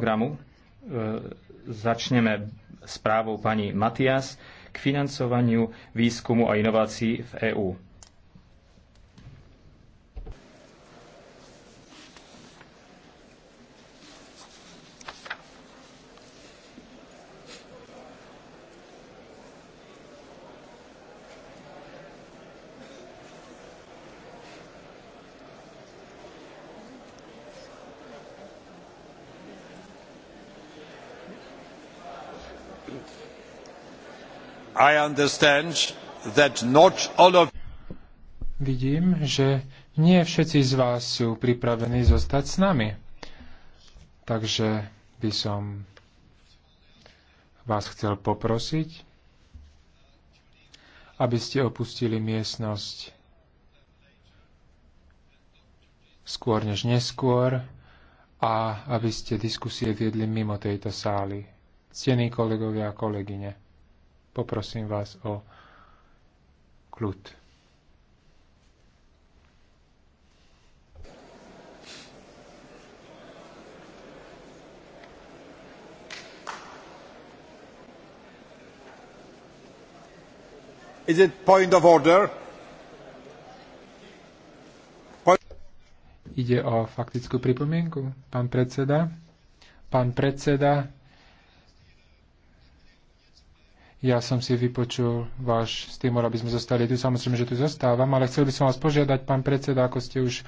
programu. E, začneme správou pani Matias k financovaniu výskumu a inovácií v EÚ. Vidím, že nie všetci z vás sú pripravení zostať s nami. Takže by som vás chcel poprosiť, aby ste opustili miestnosť skôr než neskôr a aby ste diskusie viedli mimo tejto sály. Ctení kolegovia a kolegyne. Poprosím vás o kľud. Is it point of order? Point... Ide o faktickú pripomienku, pán predseda. Pán predseda, ja som si vypočul váš stimul, aby sme zostali tu. Samozrejme, že tu zostávam, ale chcel by som vás požiadať, pán predseda, ako ste už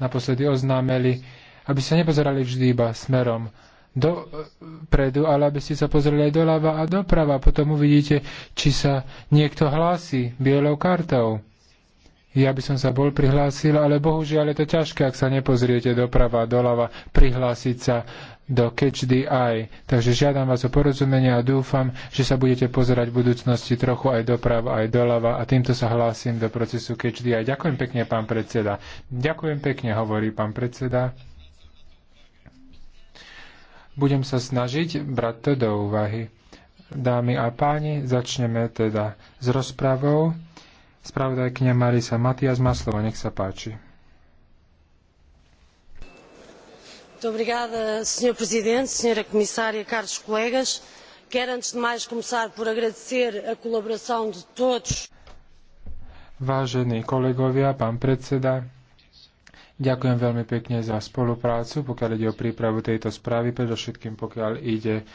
naposledy oznámili, aby sa nepozerali vždy iba smerom dopredu, ale aby ste sa pozreli aj doľava a doprava. Potom uvidíte, či sa niekto hlási bielou kartou. Ja by som sa bol prihlásil, ale bohužiaľ je to ťažké, ak sa nepozriete doprava a doľava, prihlásiť sa do Catch the Eye. Takže žiadam vás o porozumenie a dúfam, že sa budete pozerať v budúcnosti trochu aj doprava, aj doľava a týmto sa hlásim do procesu Catch the Eye. Ďakujem pekne, pán predseda. Ďakujem pekne, hovorí pán predseda. Budem sa snažiť brať to do úvahy. Dámy a páni, začneme teda s rozpravou. Spravodajkňa Marisa Matias má slovo, nech sa páči. senhor presidente senhora comissária caros colegas quero antes de mais começar por agradecer a colaboração de todos Vážení kolegovia, pán predseda, ďakujem veľmi pekne za spoluprácu, pokiaľ ide o prípravu tejto správy, predovšetkým pokiaľ ide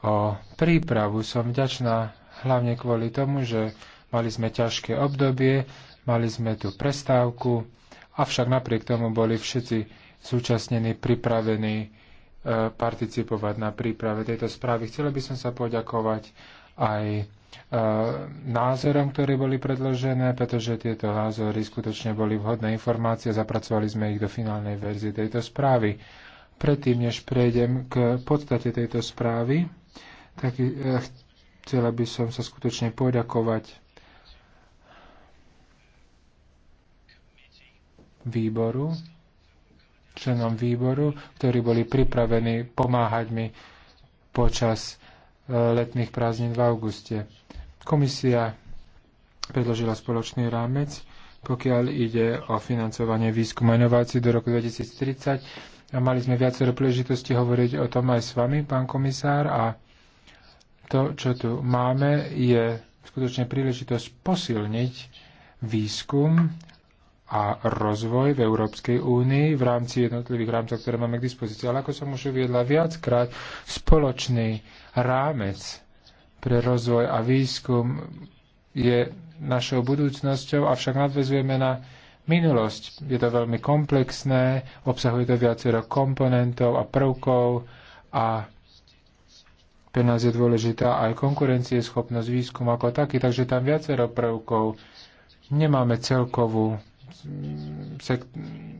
o prípravu. Som vďačná hlavne kvôli tomu, že mali sme ťažké obdobie, mali sme tu prestávku, avšak napriek tomu boli všetci súčasnení, pripravení e, participovať na príprave tejto správy. Chcela by som sa poďakovať aj e, názorom, ktoré boli predložené, pretože tieto názory skutočne boli vhodné informácie, zapracovali sme ich do finálnej verzie tejto správy. Predtým, než prejdem k podstate tejto správy, tak e, chcela by som sa skutočne poďakovať výboru členom výboru, ktorí boli pripravení pomáhať mi počas e, letných prázdnin v auguste. Komisia predložila spoločný rámec, pokiaľ ide o financovanie výskumu inovácií do roku 2030. A mali sme viacero príležitosti hovoriť o tom aj s vami, pán komisár, a to, čo tu máme, je skutočne príležitosť posilniť výskum a rozvoj v Európskej únii v rámci jednotlivých rámcov, ktoré máme k dispozícii. Ale ako som už uviedla viackrát, spoločný rámec pre rozvoj a výskum je našou budúcnosťou, avšak nadvezujeme na minulosť. Je to veľmi komplexné, obsahuje to viacero komponentov a prvkov a pre nás je dôležitá aj konkurencieschopnosť výskum ako taký, takže tam viacero prvkov. Nemáme celkovú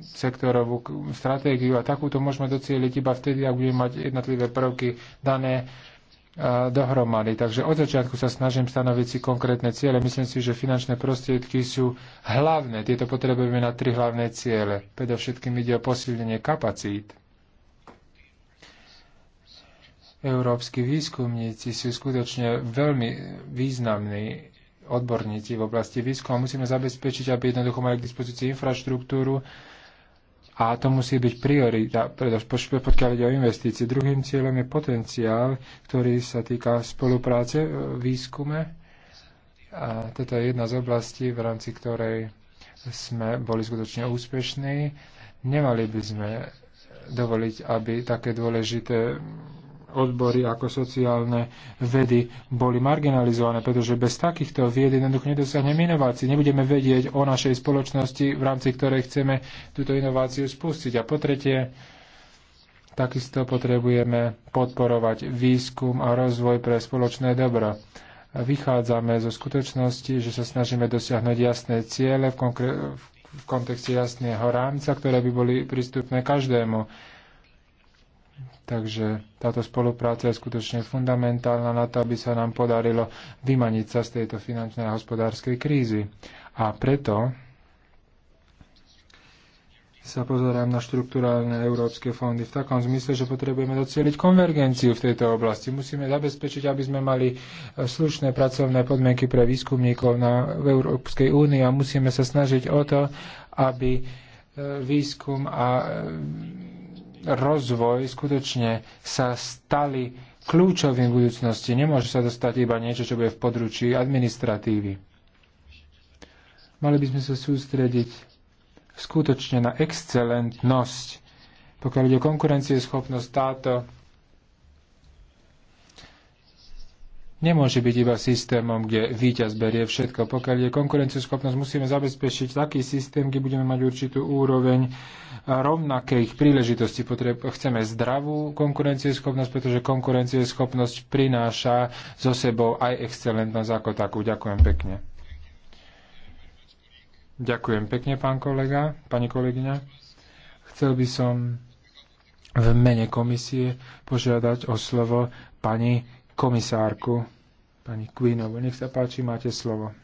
sektorovú stratégiu a takúto môžeme docieliť iba vtedy, ak budeme mať jednotlivé prvky dané e, dohromady. Takže od začiatku sa snažím stanoviť si konkrétne ciele. Myslím si, že finančné prostriedky sú hlavné. Tieto potrebujeme na tri hlavné ciele. Predovšetkým ide o posilnenie kapacít. Európsky výskumníci sú skutočne veľmi významní odborníci v oblasti výskumu. Musíme zabezpečiť, aby jednoducho mali k dispozícii infraštruktúru a to musí byť priorita, pretože pokiaľ ide o investície. Druhým cieľom je potenciál, ktorý sa týka spolupráce v výskume. A toto je jedna z oblastí, v rámci ktorej sme boli skutočne úspešní. Nemali by sme dovoliť, aby také dôležité odbory ako sociálne vedy boli marginalizované, pretože bez takýchto vied jednoducho nedosiahneme inovácií. Nebudeme vedieť o našej spoločnosti, v rámci ktorej chceme túto inováciu spustiť. A po tretie, takisto potrebujeme podporovať výskum a rozvoj pre spoločné dobro vychádzame zo skutočnosti, že sa snažíme dosiahnuť jasné ciele v, konkre- v kontexte jasného rámca, ktoré by boli prístupné každému. Takže táto spolupráca je skutočne fundamentálna na to, aby sa nám podarilo vymaniť sa z tejto finančnej a hospodárskej krízy. A preto sa pozerám na štruktúrálne európske fondy v takom zmysle, že potrebujeme docieliť konvergenciu v tejto oblasti. Musíme zabezpečiť, aby sme mali e, slušné pracovné podmienky pre výskumníkov na, v Európskej únii a musíme sa snažiť o to, aby e, výskum a e, rozvoj skutočne sa stali kľúčovým v budúcnosti. Nemôže sa dostať iba niečo, čo bude v područí administratívy. Mali by sme sa sústrediť skutočne na excelentnosť. Pokiaľ ide o konkurencieschopnosť, táto nemôže byť iba systémom, kde víťaz berie všetko. Pokiaľ je konkurencieschopnosť, musíme zabezpečiť taký systém, kde budeme mať určitú úroveň rovnakých príležitostí. Potreb, chceme zdravú konkurencieschopnosť, pretože konkurencieschopnosť prináša so sebou aj excelentnosť ako takú. Ďakujem pekne. Ďakujem pekne, pán kolega, pani kolegyňa. Chcel by som v mene komisie požiadať o slovo pani komisárku, pani Queenovu. Nech sa páči, máte slovo.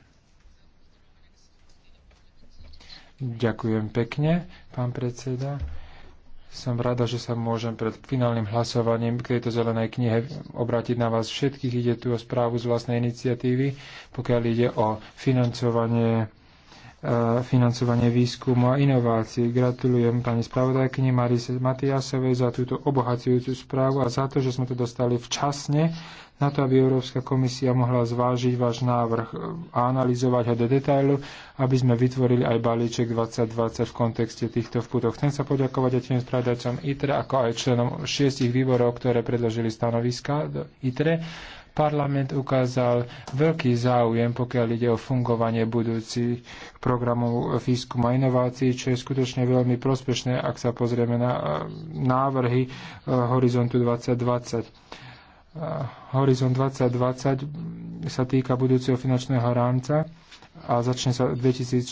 Ďakujem pekne, pán predseda. Som rada, že sa môžem pred finálnym hlasovaním k tejto zelenej knihe obrátiť na vás všetkých. Ide tu o správu z vlastnej iniciatívy, pokiaľ ide o financovanie financovanie výskumu a inovácií. Gratulujem pani spravodajkyni Marise Matiasovej za túto obohacujúcu správu a za to, že sme to dostali včasne na to, aby Európska komisia mohla zvážiť váš návrh e, a analyzovať ho do detailu, aby sme vytvorili aj balíček 2020 v kontexte týchto vputov. Chcem sa poďakovať aj tým spravodajcom ITRE, ako aj členom šiestich výborov, ktoré predložili stanoviska do ITRE Parlament ukázal veľký záujem, pokiaľ ide o fungovanie budúcich programov výskumu a inovácií, čo je skutočne veľmi prospešné, ak sa pozrieme na eh, návrhy eh, Horizontu 2020. Eh, Horizont 2020 sa týka budúceho finančného rámca a začne sa v 2014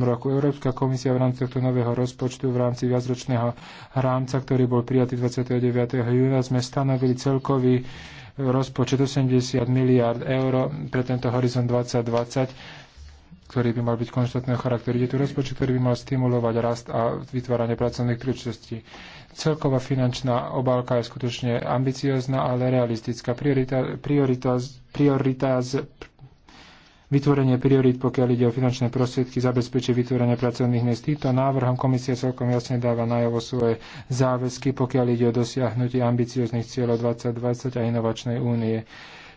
roku. Európska komisia v rámci tohto nového rozpočtu, v rámci viacročného rámca, ktorý bol prijatý 29. júna, sme stanovili celkový rozpočet 80 miliard eur pre tento horizont 2020 ktorý by mal byť konštantného charakteru. Je tu rozpočet, ktorý by mal stimulovať rast a vytváranie pracovných príležitostí. Celková finančná obálka je skutočne ambiciozná, ale realistická. Priorita, priorita, priorita, vytvorenie priorít, pokiaľ ide o finančné prostriedky, zabezpečí vytvorenie pracovných miest. Týmto návrhom komisia celkom jasne dáva najavo svoje záväzky, pokiaľ ide o dosiahnutie ambicioznych cieľov 2020 a inovačnej únie.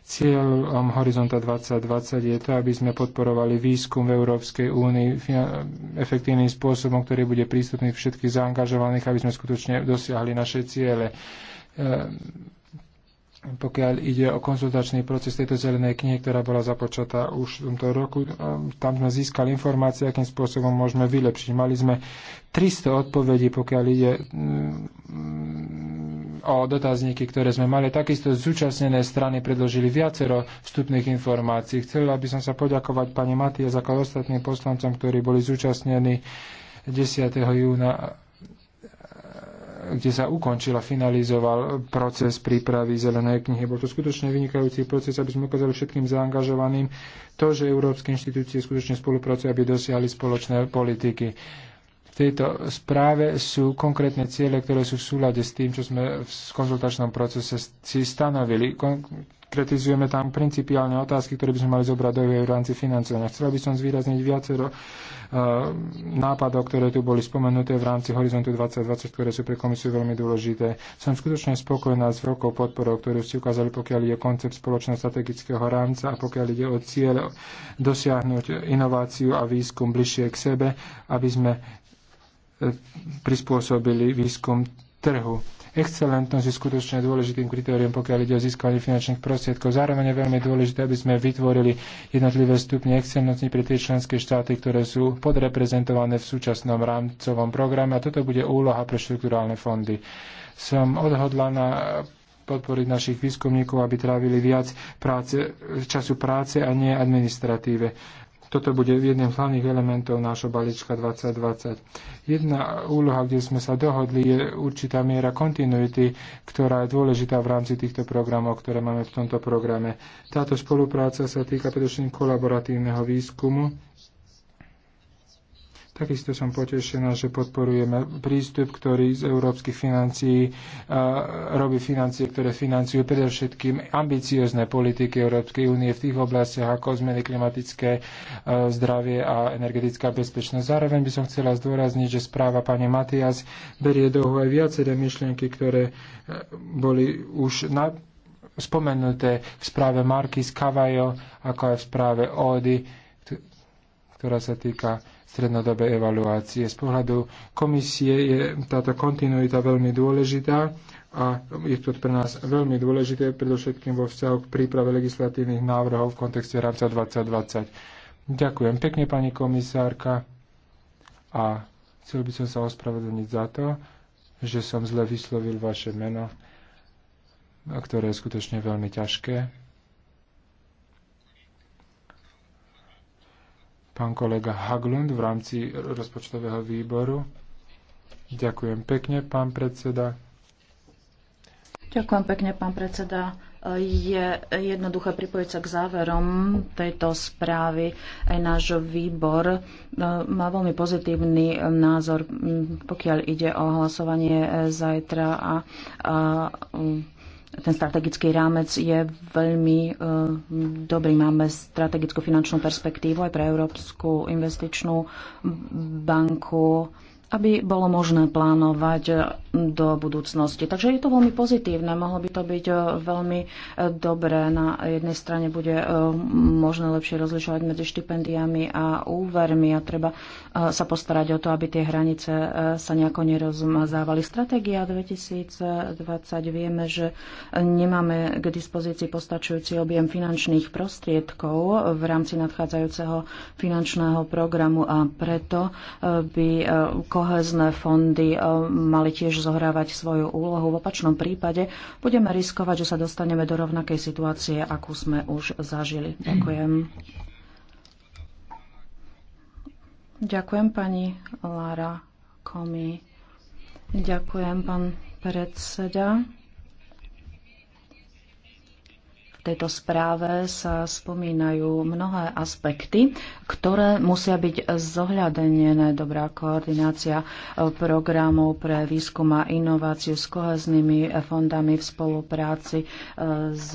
Cieľom Horizonta 2020 je to, aby sme podporovali výskum v Európskej únii efektívnym spôsobom, ktorý bude prístupný všetkých zaangažovaných, aby sme skutočne dosiahli naše ciele ehm, pokiaľ ide o konzultačný proces tejto zelenej knihy, ktorá bola započatá už v tomto roku, tam sme získali informácie, akým spôsobom môžeme vylepšiť. Mali sme 300 odpovedí, pokiaľ ide mm, o dotazníky, ktoré sme mali. Takisto zúčastnené strany predložili viacero vstupných informácií. Chcela by som sa poďakovať pani Matias ako ostatným poslancom, ktorí boli zúčastnení 10. júna kde sa ukončil a finalizoval proces prípravy zelenej knihy. Bol to skutočne vynikajúci proces, aby sme ukázali všetkým zaangažovaným to, že európske inštitúcie skutočne spolupracujú, aby dosiahli spoločné politiky. V tejto správe sú konkrétne ciele, ktoré sú v súlade s tým, čo sme v konzultačnom procese si stanovili. Kon- kritizujeme tam principiálne otázky, ktoré by sme mali zobrať do v rámci financovania. Chcel by som zvýrazniť viacero e, nápadov, ktoré tu boli spomenuté v rámci Horizontu 2020, ktoré sú pre komisiu veľmi dôležité. Som skutočne spokojná s veľkou podporou, ktorú ste ukázali, pokiaľ ide koncept spoločného strategického rámca a pokiaľ ide o cieľ dosiahnuť inováciu a výskum bližšie k sebe, aby sme e, prispôsobili výskum trhu. Excelentnosť je skutočne dôležitým kritériom, pokiaľ ide o získanie finančných prostriedkov. Zároveň je veľmi dôležité, aby sme vytvorili jednotlivé stupne excelentnosti pre tie členské štáty, ktoré sú podreprezentované v súčasnom rámcovom programe a toto bude úloha pre štruktúrálne fondy. Som odhodlaná podporiť našich výskumníkov, aby trávili viac práce, času práce a nie administratíve toto bude jedným z hlavných elementov nášho balíčka 2020. Jedna úloha, kde sme sa dohodli, je určitá miera kontinuity, ktorá je dôležitá v rámci týchto programov, ktoré máme v tomto programe. Táto spolupráca sa týka predovšetkým kolaboratívneho výskumu, Takisto som potešená, že podporujeme prístup, ktorý z európskych financií robí financie, ktoré financujú predovšetkým ambiciozne politiky Európskej únie v tých oblastiach ako zmeny klimatické, zdravie a energetická bezpečnosť. Zároveň by som chcela zdôrazniť, že správa pani Matias berie do aj viaceré myšlienky, ktoré e, boli už na spomenuté v správe Markis Cavallo, ako aj v správe Ody ktorá sa týka strednodobej evaluácie. Z pohľadu komisie je táto kontinuita veľmi dôležitá a je to pre nás veľmi dôležité, predovšetkým vo vzťahu k príprave legislatívnych návrhov v kontexte rámca 2020. Ďakujem pekne, pani komisárka, a chcel by som sa ospravedlniť za to, že som zle vyslovil vaše meno, ktoré je skutočne veľmi ťažké. pán kolega Haglund v rámci rozpočtového výboru. Ďakujem pekne, pán predseda. Ďakujem pekne, pán predseda. Je jednoduché pripojiť sa k záverom tejto správy. Aj náš výbor e, má veľmi pozitívny názor, pokiaľ ide o hlasovanie zajtra a, a ten strategický rámec je veľmi e, dobrý. Máme strategickú finančnú perspektívu aj pre Európsku investičnú banku aby bolo možné plánovať do budúcnosti. Takže je to veľmi pozitívne, mohlo by to byť eh, veľmi eh, dobré. Na jednej strane bude eh, možné lepšie rozlišovať medzi štipendiami a úvermi a treba sa postarať o to, aby tie hranice sa nejako nerozmazávali. Stratégia 2020 vieme, že nemáme k dispozícii postačujúci objem finančných prostriedkov v rámci nadchádzajúceho finančného programu a preto by kohezné fondy eh, mali tiež zohrávať svoju úlohu. V opačnom prípade budeme riskovať, že sa dostaneme do rovnakej situácie, akú sme už zažili. Ďakujem. Ďakujem pani Lara Komi. Ďakujem pán predseda. V tejto správe sa spomínajú mnohé aspekty, ktoré musia byť zohľadenené. Dobrá koordinácia e, programov pre výskum a inováciu s koheznými e, fondami v spolupráci e, s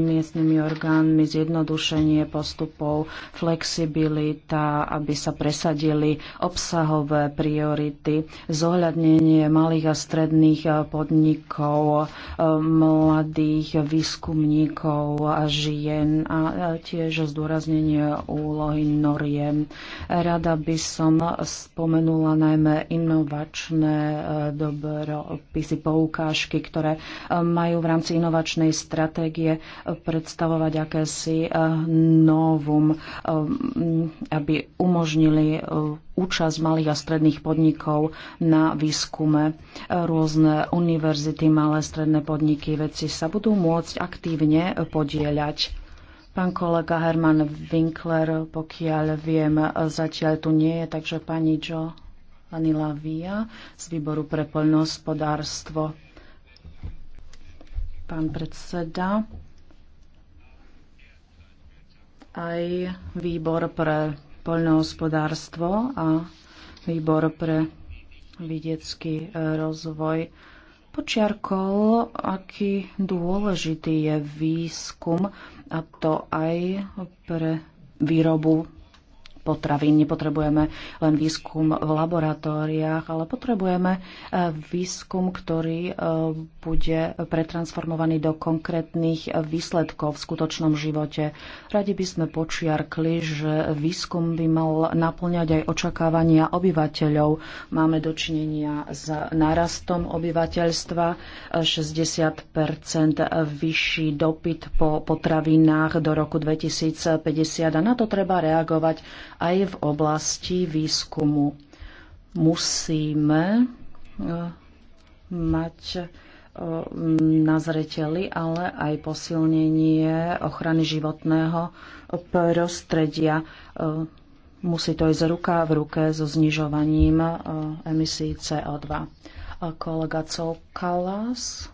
miestnymi orgánmi, zjednodušenie postupov, flexibilita, aby sa presadili obsahové priority, zohľadnenie malých a stredných podnikov, mladých výskumov, výskumníkov, žien a tiež zdôraznenie úlohy noriem. Rada by som spomenula najmä inovačné e, dobropisy, poukážky, ktoré e, majú v rámci inovačnej stratégie predstavovať akési e, novum, aby umožnili účasť malých a stredných podnikov na výskume. Rôzne univerzity, malé stredné podniky, veci sa budú môcť aktívne podieľať. Pán kolega Herman Winkler, pokiaľ viem, zatiaľ tu nie je, takže pani Jo via z výboru pre poľnohospodárstvo. Pán predseda, aj výbor pre poľnohospodárstvo a výbor pre vidiecký rozvoj počiarkol, aký dôležitý je výskum a to aj pre výrobu potravín. Nepotrebujeme len výskum v laboratóriách, ale potrebujeme e, výskum, ktorý e, bude pretransformovaný do konkrétnych výsledkov v skutočnom živote. Radi by sme počiarkli, že výskum by mal naplňať aj očakávania obyvateľov. Máme dočinenia s narastom obyvateľstva, 60 vyšší dopyt po potravinách do roku 2050 a na to treba reagovať aj v oblasti výskumu. Musíme eh, mať eh, na zreteli, ale aj posilnenie ochrany životného prostredia. Eh, musí to ísť ruka v ruke so znižovaním emisí CO2. Kolega Cokalas.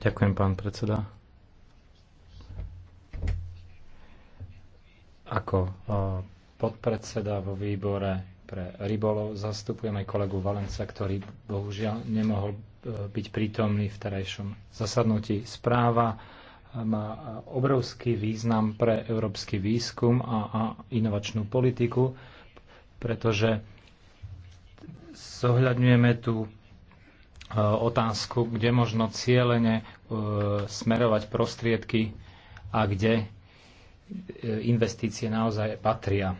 Ďakujem, pán predseda. Ako e, podpredseda vo výbore pre rybolov zastupujem aj kolegu Valenca, ktorý bohužiaľ nemohol e, byť prítomný v terajšom zasadnutí. Správa e, má obrovský význam pre európsky výskum a, a inovačnú politiku, pretože zohľadňujeme tú otázku, kde možno cieľene smerovať prostriedky a kde investície naozaj patria.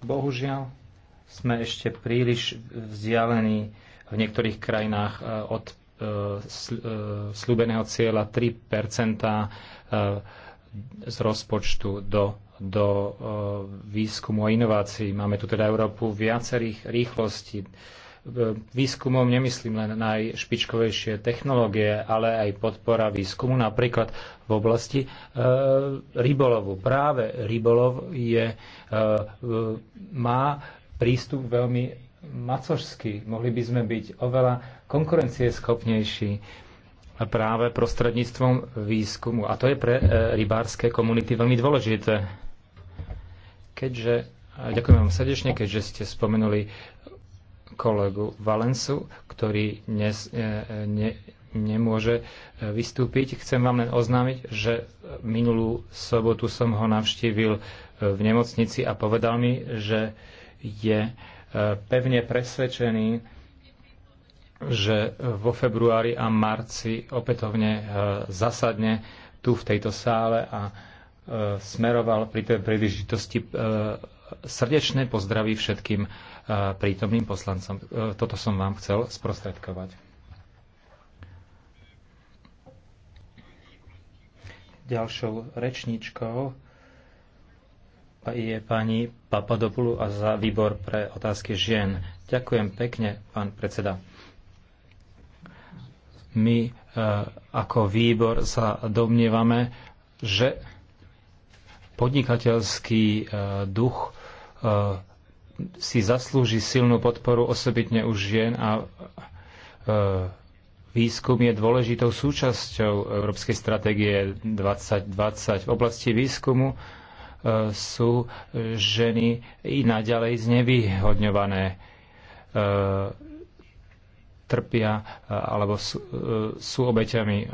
Bohužiaľ, sme ešte príliš vzdialení v niektorých krajinách e, od e, e, slúbeného cieľa 3 z rozpočtu do, do výskumu a inovácií. Máme tu teda Európu viacerých rýchlostí výskumom nemyslím len najšpičkovejšie technológie, ale aj podpora výskumu napríklad v oblasti e, rybolovu. Práve rybolov je, e, má prístup veľmi macožský. Mohli by sme byť oveľa konkurencieschopnejší práve prostredníctvom výskumu. A to je pre e, rybárske komunity veľmi dôležité. Keďže, ďakujem vám srdečne, keďže ste spomenuli kolegu Valensu, ktorý dnes e, ne, nemôže e, vystúpiť. Chcem vám len oznámiť, že minulú sobotu som ho navštívil e, v nemocnici a povedal mi, že je pevne presvedčený, že vo februári a marci opätovne zasadne tu v tejto sále a smeroval pri tej príležitosti srdečné pozdravy všetkým prítomným poslancom. E, toto som vám chcel sprostredkovať. Ďalšou rečníčkou je pani Papadopulu a za výbor pre otázky žien. Ďakujem pekne, pán predseda. My e, ako výbor sa domnievame, že podnikateľský e, duch si zaslúži silnú podporu osobitne u žien a e, výskum je dôležitou súčasťou Európskej stratégie 2020. V oblasti výskumu e, sú ženy i naďalej znevýhodňované e, trpia alebo sú, sú obeťami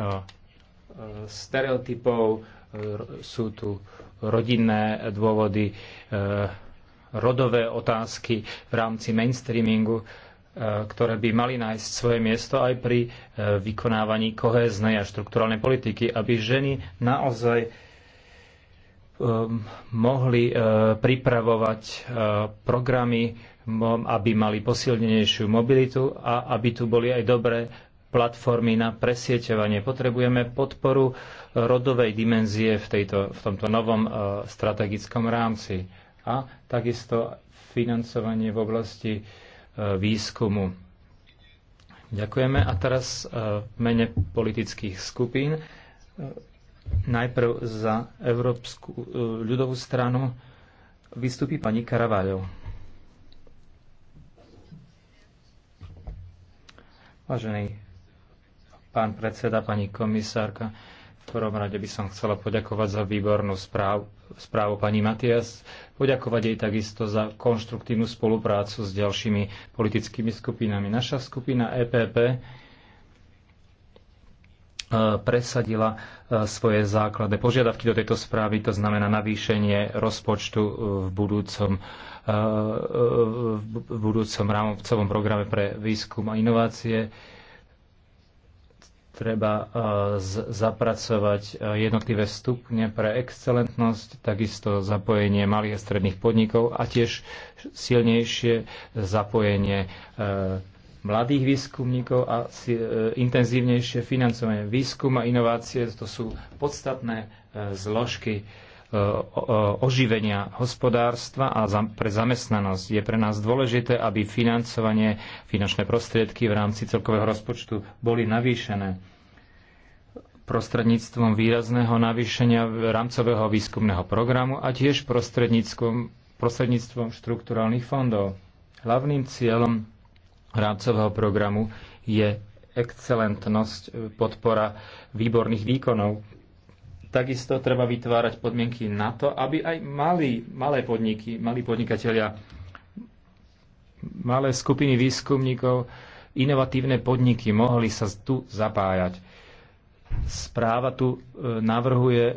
stereotypov, sú tu rodinné dôvody, rodové otázky v rámci mainstreamingu, e, ktoré by mali nájsť svoje miesto aj pri e, vykonávaní kohéznej a štrukturálnej politiky, aby ženy naozaj e, mohli pripravovať programy, aby mali posilnenejšiu mobilitu a aby tu boli aj dobré platformy na presieťovanie. Potrebujeme podporu rodovej dimenzie v, tejto, v tomto novom strategickom rámci a takisto financovanie v oblasti e, výskumu. Ďakujeme a teraz e, v mene politických skupín e, najprv za Európsku ľudovú stranu vystupí pani Karaváľov. Vážený pán predseda, pani komisárka, v prvom rade by som chcela poďakovať za výbornú správu, správu pani Matias, poďakovať jej takisto za konštruktívnu spoluprácu s ďalšími politickými skupinami. Naša skupina EPP e, presadila e, svoje základné požiadavky do tejto správy, to znamená navýšenie rozpočtu v budúcom, e, v budúcom rámovcovom programe pre výskum a inovácie treba eh, zapracovať eh, jednotlivé stupne pre excelentnosť, takisto zapojenie malých a stredných podnikov a tiež silnejšie zapojenie eh, mladých výskumníkov a intenzívnejšie financovanie. Výskum a inovácie to sú podstatné zložky E, e, oživenia hospodárstva a pre zamestnanosť. Je pre nás dôležité, aby financovanie, finančné prostriedky v rámci celkového rozpočtu boli navýšené prostredníctvom výrazného navýšenia rámcového výskumného programu a tiež prostredníctvom, prostredníctvom štrukturálnych fondov. Hlavným cieľom rámcového programu je excelentnosť, podpora výborných výkonov Takisto treba vytvárať podmienky na to, aby aj mali, malé podniky, malí podnikatelia, malé skupiny výskumníkov, inovatívne podniky mohli sa tu zapájať. Správa tu e, navrhuje e, e,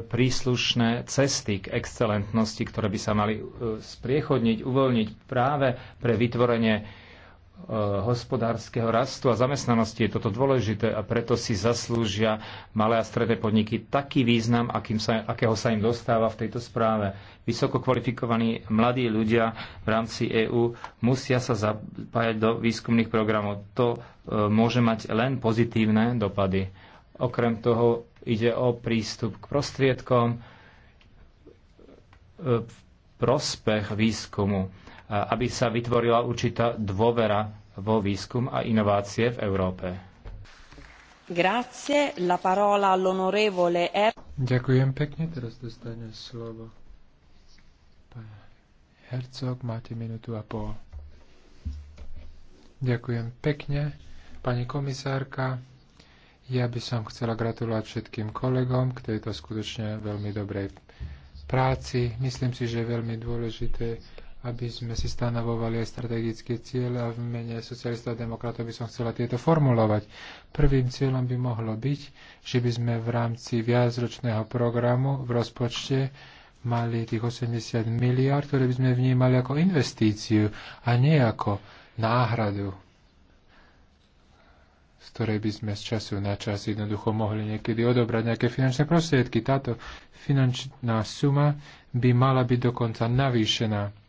príslušné cesty k excelentnosti, ktoré by sa mali spriechodniť, uvoľniť práve pre vytvorenie Eh, hospodárskeho rastu a zamestnanosti je toto dôležité a preto si zaslúžia malé a stredné podniky taký význam, akým sa, akého sa im dostáva v tejto správe. Vysoko kvalifikovaní mladí ľudia v rámci EÚ musia sa zapájať do výskumných programov. To e, môže mať len pozitívne dopady. Okrem toho ide o prístup k prostriedkom eh, v prospech výskumu aby sa vytvorila určitá dôvera vo výskum a inovácie v Európe. Grazie, la parola all'onorevole er... Ďakujem pekne, teraz dostane slovo. Pán Hercog, máte minútu a pol. Ďakujem pekne. Pani komisárka, ja by som chcela gratulovať všetkým kolegom k tejto skutočne veľmi dobrej práci. Myslím si, že je veľmi dôležité aby sme si stanovovali aj strategické cieľe a v mene socialistov a demokratov by som chcela tieto formulovať. Prvým cieľom by mohlo byť, že by sme v rámci viacročného programu v rozpočte mali tých 80 miliard, ktoré by sme vnímali ako investíciu a nie ako náhradu, z ktorej by sme z času na čas jednoducho mohli niekedy odobrať nejaké finančné prostriedky. Táto finančná suma by mala byť dokonca navýšená.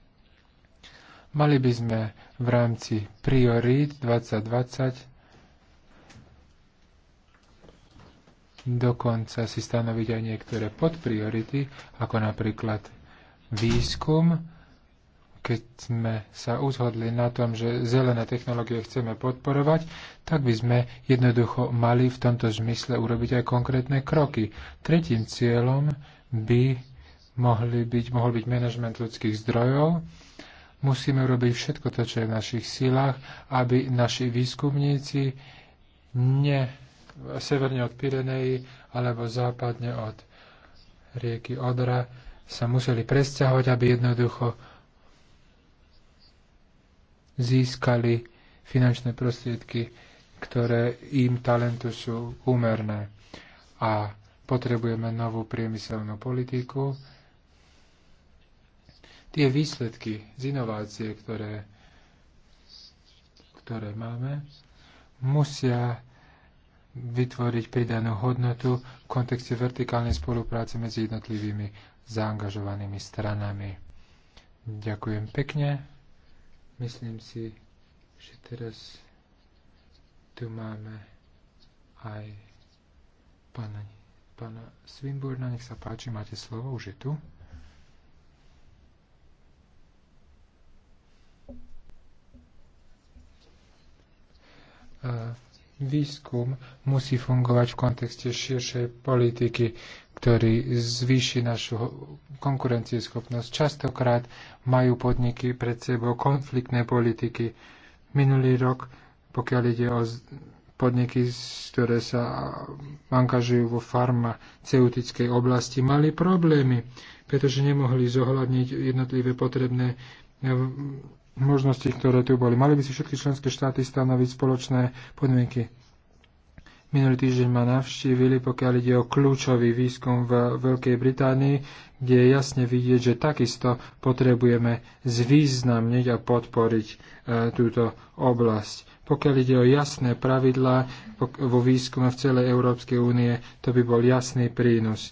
Mali by sme v rámci priorít 2020 dokonca si stanoviť aj niektoré podpriority, ako napríklad výskum, keď sme sa uzhodli na tom, že zelené technológie chceme podporovať, tak by sme jednoducho mali v tomto zmysle urobiť aj konkrétne kroky. Tretím cieľom by mohli byť, mohol byť manažment ľudských zdrojov, Musíme robiť všetko to, čo je v našich silách, aby naši výskumníci ne severne od Pireneji alebo západne od rieky Odra sa museli presťahovať, aby jednoducho získali finančné prostriedky, ktoré im talentu sú úmerné. A potrebujeme novú priemyselnú politiku, tie výsledky z inovácie, ktoré, ktoré máme, musia vytvoriť pridanú hodnotu v kontexte vertikálnej spolupráce medzi jednotlivými zaangažovanými stranami. Ďakujem pekne. Myslím si, že teraz tu máme aj pána, pána Svinburna. Nech sa páči, máte slovo, už je tu. výskum musí fungovať v kontexte širšej politiky, ktorý zvýši našu konkurencieschopnosť. Častokrát majú podniky pred sebou konfliktné politiky. Minulý rok, pokiaľ ide o podniky, ktoré sa angažujú vo farmaceutickej oblasti, mali problémy, pretože nemohli zohľadniť jednotlivé potrebné možnosti, ktoré tu boli. Mali by si všetky členské štáty stanoviť spoločné podmienky. Minulý týždeň ma navštívili, pokiaľ ide o kľúčový výskum v Veľkej Británii, kde je jasne vidieť, že takisto potrebujeme zvýznamniť a podporiť e, túto oblasť. Pokiaľ ide o jasné pravidlá vo výskume v celej Európskej únie, to by bol jasný prínos. E,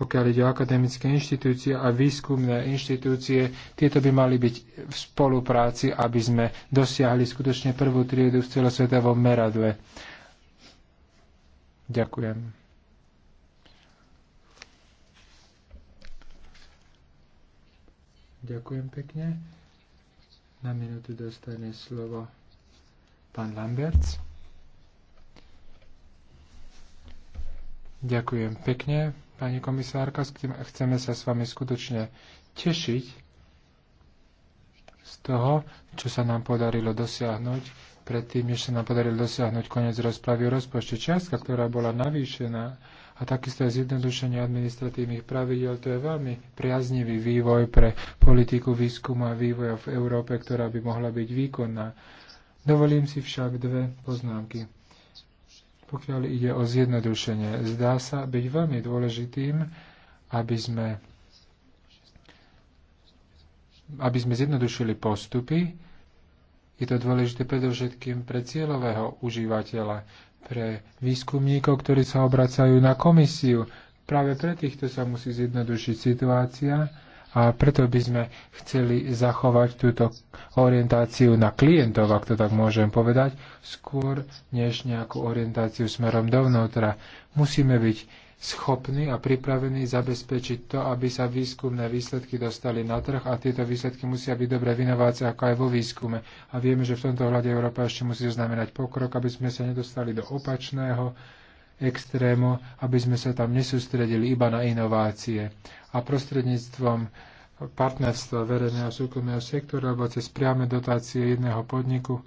pokiaľ ide o akademické inštitúcie a výskumné inštitúcie, tieto by mali byť v spolupráci, aby sme dosiahli skutočne prvú triedu v celosvetovom meradle. Ďakujem. Ďakujem pekne. Na minútu dostane slovo pán Lamberts. Ďakujem pekne. Pani komisárka, chceme sa s vami skutočne tešiť z toho, čo sa nám podarilo dosiahnuť predtým, než sa nám podarilo dosiahnuť koniec rozpravy o rozpočte. Čiastka, ktorá bola navýšená a takisto aj zjednodušenie administratívnych pravidel, to je veľmi priaznivý vývoj pre politiku výskumu a vývoja v Európe, ktorá by mohla byť výkonná. Dovolím si však dve poznámky pokiaľ ide o zjednodušenie. Zdá sa byť veľmi dôležitým, aby sme, aby sme zjednodušili postupy. Je to dôležité predovšetkým pre cieľového užívateľa, pre výskumníkov, ktorí sa obracajú na komisiu. Práve pre týchto sa musí zjednodušiť situácia a preto by sme chceli zachovať túto orientáciu na klientov, ak to tak môžem povedať, skôr než nejakú orientáciu smerom dovnútra. Musíme byť schopní a pripravení zabezpečiť to, aby sa výskumné výsledky dostali na trh a tieto výsledky musia byť dobre v inovácii, ako aj vo výskume. A vieme, že v tomto hľade Európa ešte musí znamenať pokrok, aby sme sa nedostali do opačného extrému, aby sme sa tam nesústredili iba na inovácie. A prostredníctvom partnerstva verejného a súkromného sektora alebo cez priame dotácie jedného podniku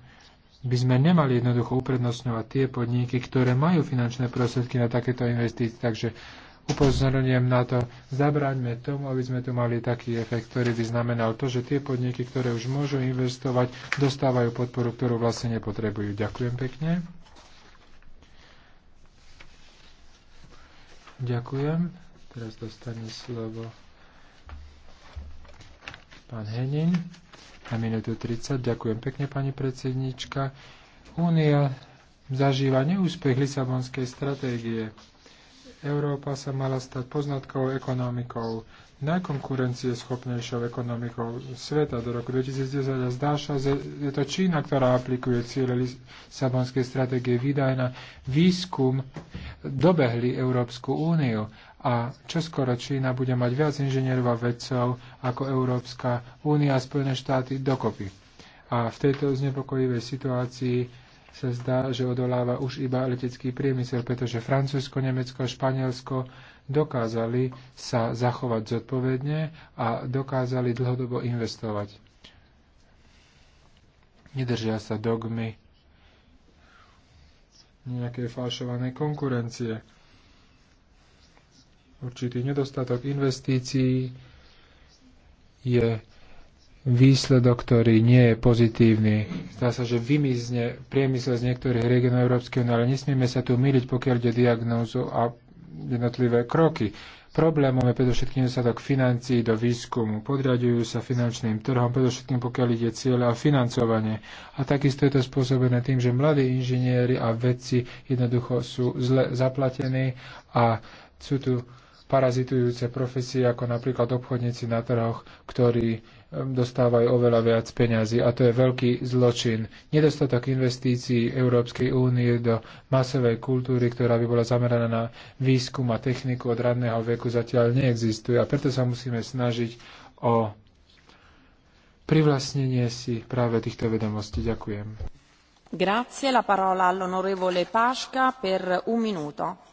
by sme nemali jednoducho uprednostňovať tie podniky, ktoré majú finančné prostriedky na takéto investície. Takže upozorňujem na to, zabraňme tomu, aby sme tu mali taký efekt, ktorý by znamenal to, že tie podniky, ktoré už môžu investovať, dostávajú podporu, ktorú vlastne nepotrebujú. Ďakujem pekne. Ďakujem. Teraz dostane slovo pán Henin na minútu 30. Ďakujem pekne, pani predsednička. Únia zažíva neúspech Lisabonskej stratégie. Európa sa mala stať poznatkovou ekonomikou, najkonkurencieschopnejšou ekonomikou sveta do roku 2010 a zdá sa, že je to Čína, ktorá aplikuje cieľe Lisabonskej stratégie výdaj na výskum, dobehli Európsku úniu a čoskoro Čína bude mať viac inžinierov a vedcov ako Európska únia a Spojené štáty dokopy. A v tejto znepokojivej situácii sa zdá, že odoláva už iba letecký priemysel, pretože Francúzsko, Nemecko a Španielsko dokázali sa zachovať zodpovedne a dokázali dlhodobo investovať. Nedržia sa dogmy nejaké falšované konkurencie. Určitý nedostatok investícií je výsledok, ktorý nie je pozitívny. Zdá sa, že vymizne priemysel z niektorých regionov Európskej únie, ale nesmieme sa tu myliť, pokiaľ ide diagnózu a jednotlivé kroky. Problémom je predovšetkým nedostatok financií do výskumu. Podraďujú sa finančným trhom, predovšetkým pokiaľ ide cieľ a financovanie. A takisto je to spôsobené tým, že mladí inžinieri a vedci jednoducho sú zle zaplatení a sú tu parazitujúce profesie, ako napríklad obchodníci na trhoch, ktorí dostávajú oveľa viac peňazí. A to je veľký zločin. Nedostatok investícií Európskej únie do masovej kultúry, ktorá by bola zameraná na výskum a techniku od ranného veku, zatiaľ neexistuje. A preto sa musíme snažiť o privlastnenie si práve týchto vedomostí. Ďakujem. Grazie, la parola all'onorevole Pasca per un minuto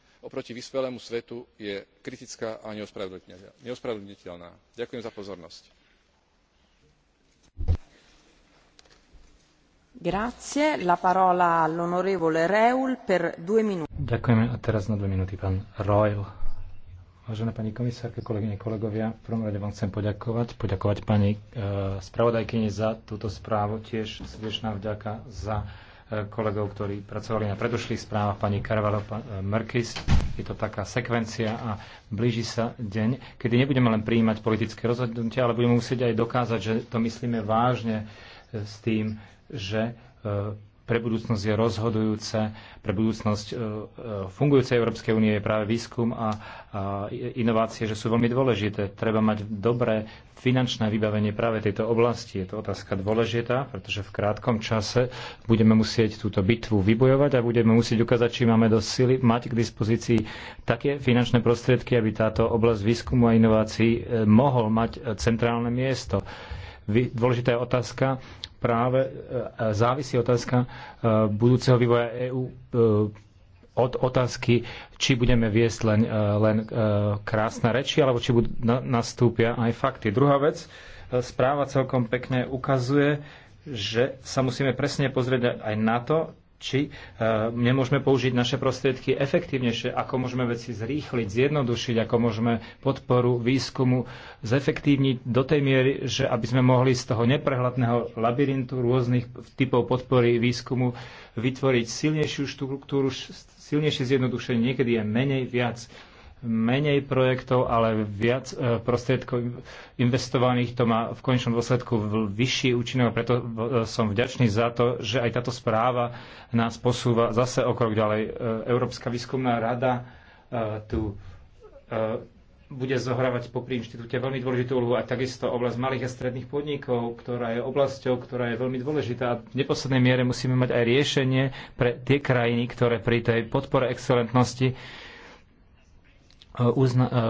oproti vyspelému svetu je kritická a neospravedlniteľná. ďakujem za pozornosť. Vážená pani komisárka, kolegyne, kolegovia, v prvom rade vám chcem poďakovať. Poďakovať pani eh, spravodajkyni za túto správu, tiež srdečná vďaka za kolegov, ktorí pracovali na predošlých správach pani Carvalho eh, Merkis. Je to taká sekvencia a blíži sa deň, kedy nebudeme len prijímať politické rozhodnutia, ale budeme musieť aj dokázať, že to myslíme vážne eh, s tým, že eh, pre budúcnosť je rozhodujúce, pre budúcnosť e, e, fungujúcej Európskej únie je práve výskum a, inovácie, že sú veľmi dôležité. Treba mať dobré finančné vybavenie práve tejto oblasti. Je to otázka dôležitá, pretože v krátkom čase budeme musieť túto bitvu vybojovať a budeme musieť ukázať, či máme do sily mať k dispozícii také finančné prostriedky, aby táto oblasť výskumu a inovácií e, mohol mať centrálne miesto. Dôležitá je otázka práve e, e, závisí otázka e, budúceho vývoja EÚ od otázky, či budeme viesť len, len krásne reči, alebo či budú, nastúpia aj fakty. Druhá vec, správa celkom pekne ukazuje, že sa musíme presne pozrieť aj na to, či e, nemôžeme použiť naše prostriedky efektívnejšie, ako môžeme veci zrýchliť, zjednodušiť, ako môžeme podporu výskumu zefektívniť do tej miery, že aby sme mohli z toho neprehľadného labyrintu rôznych typov podpory výskumu vytvoriť silnejšiu štruktúru, silnejšie zjednodušenie, niekedy je menej viac menej projektov, ale viac e, prostriedkov investovaných. To má v konečnom dôsledku vyšší účinok a preto e, som vďačný za to, že aj táto správa nás posúva zase o krok ďalej. E, Európska výskumná rada tu bude zohrávať popri inštitúte veľmi dôležitú úlohu a takisto oblasť malých a stredných podnikov, ktorá je oblasťou, ktorá je veľmi dôležitá. A v neposlednej miere musíme mať aj riešenie pre tie krajiny, ktoré pri tej podpore excelentnosti uzna- e,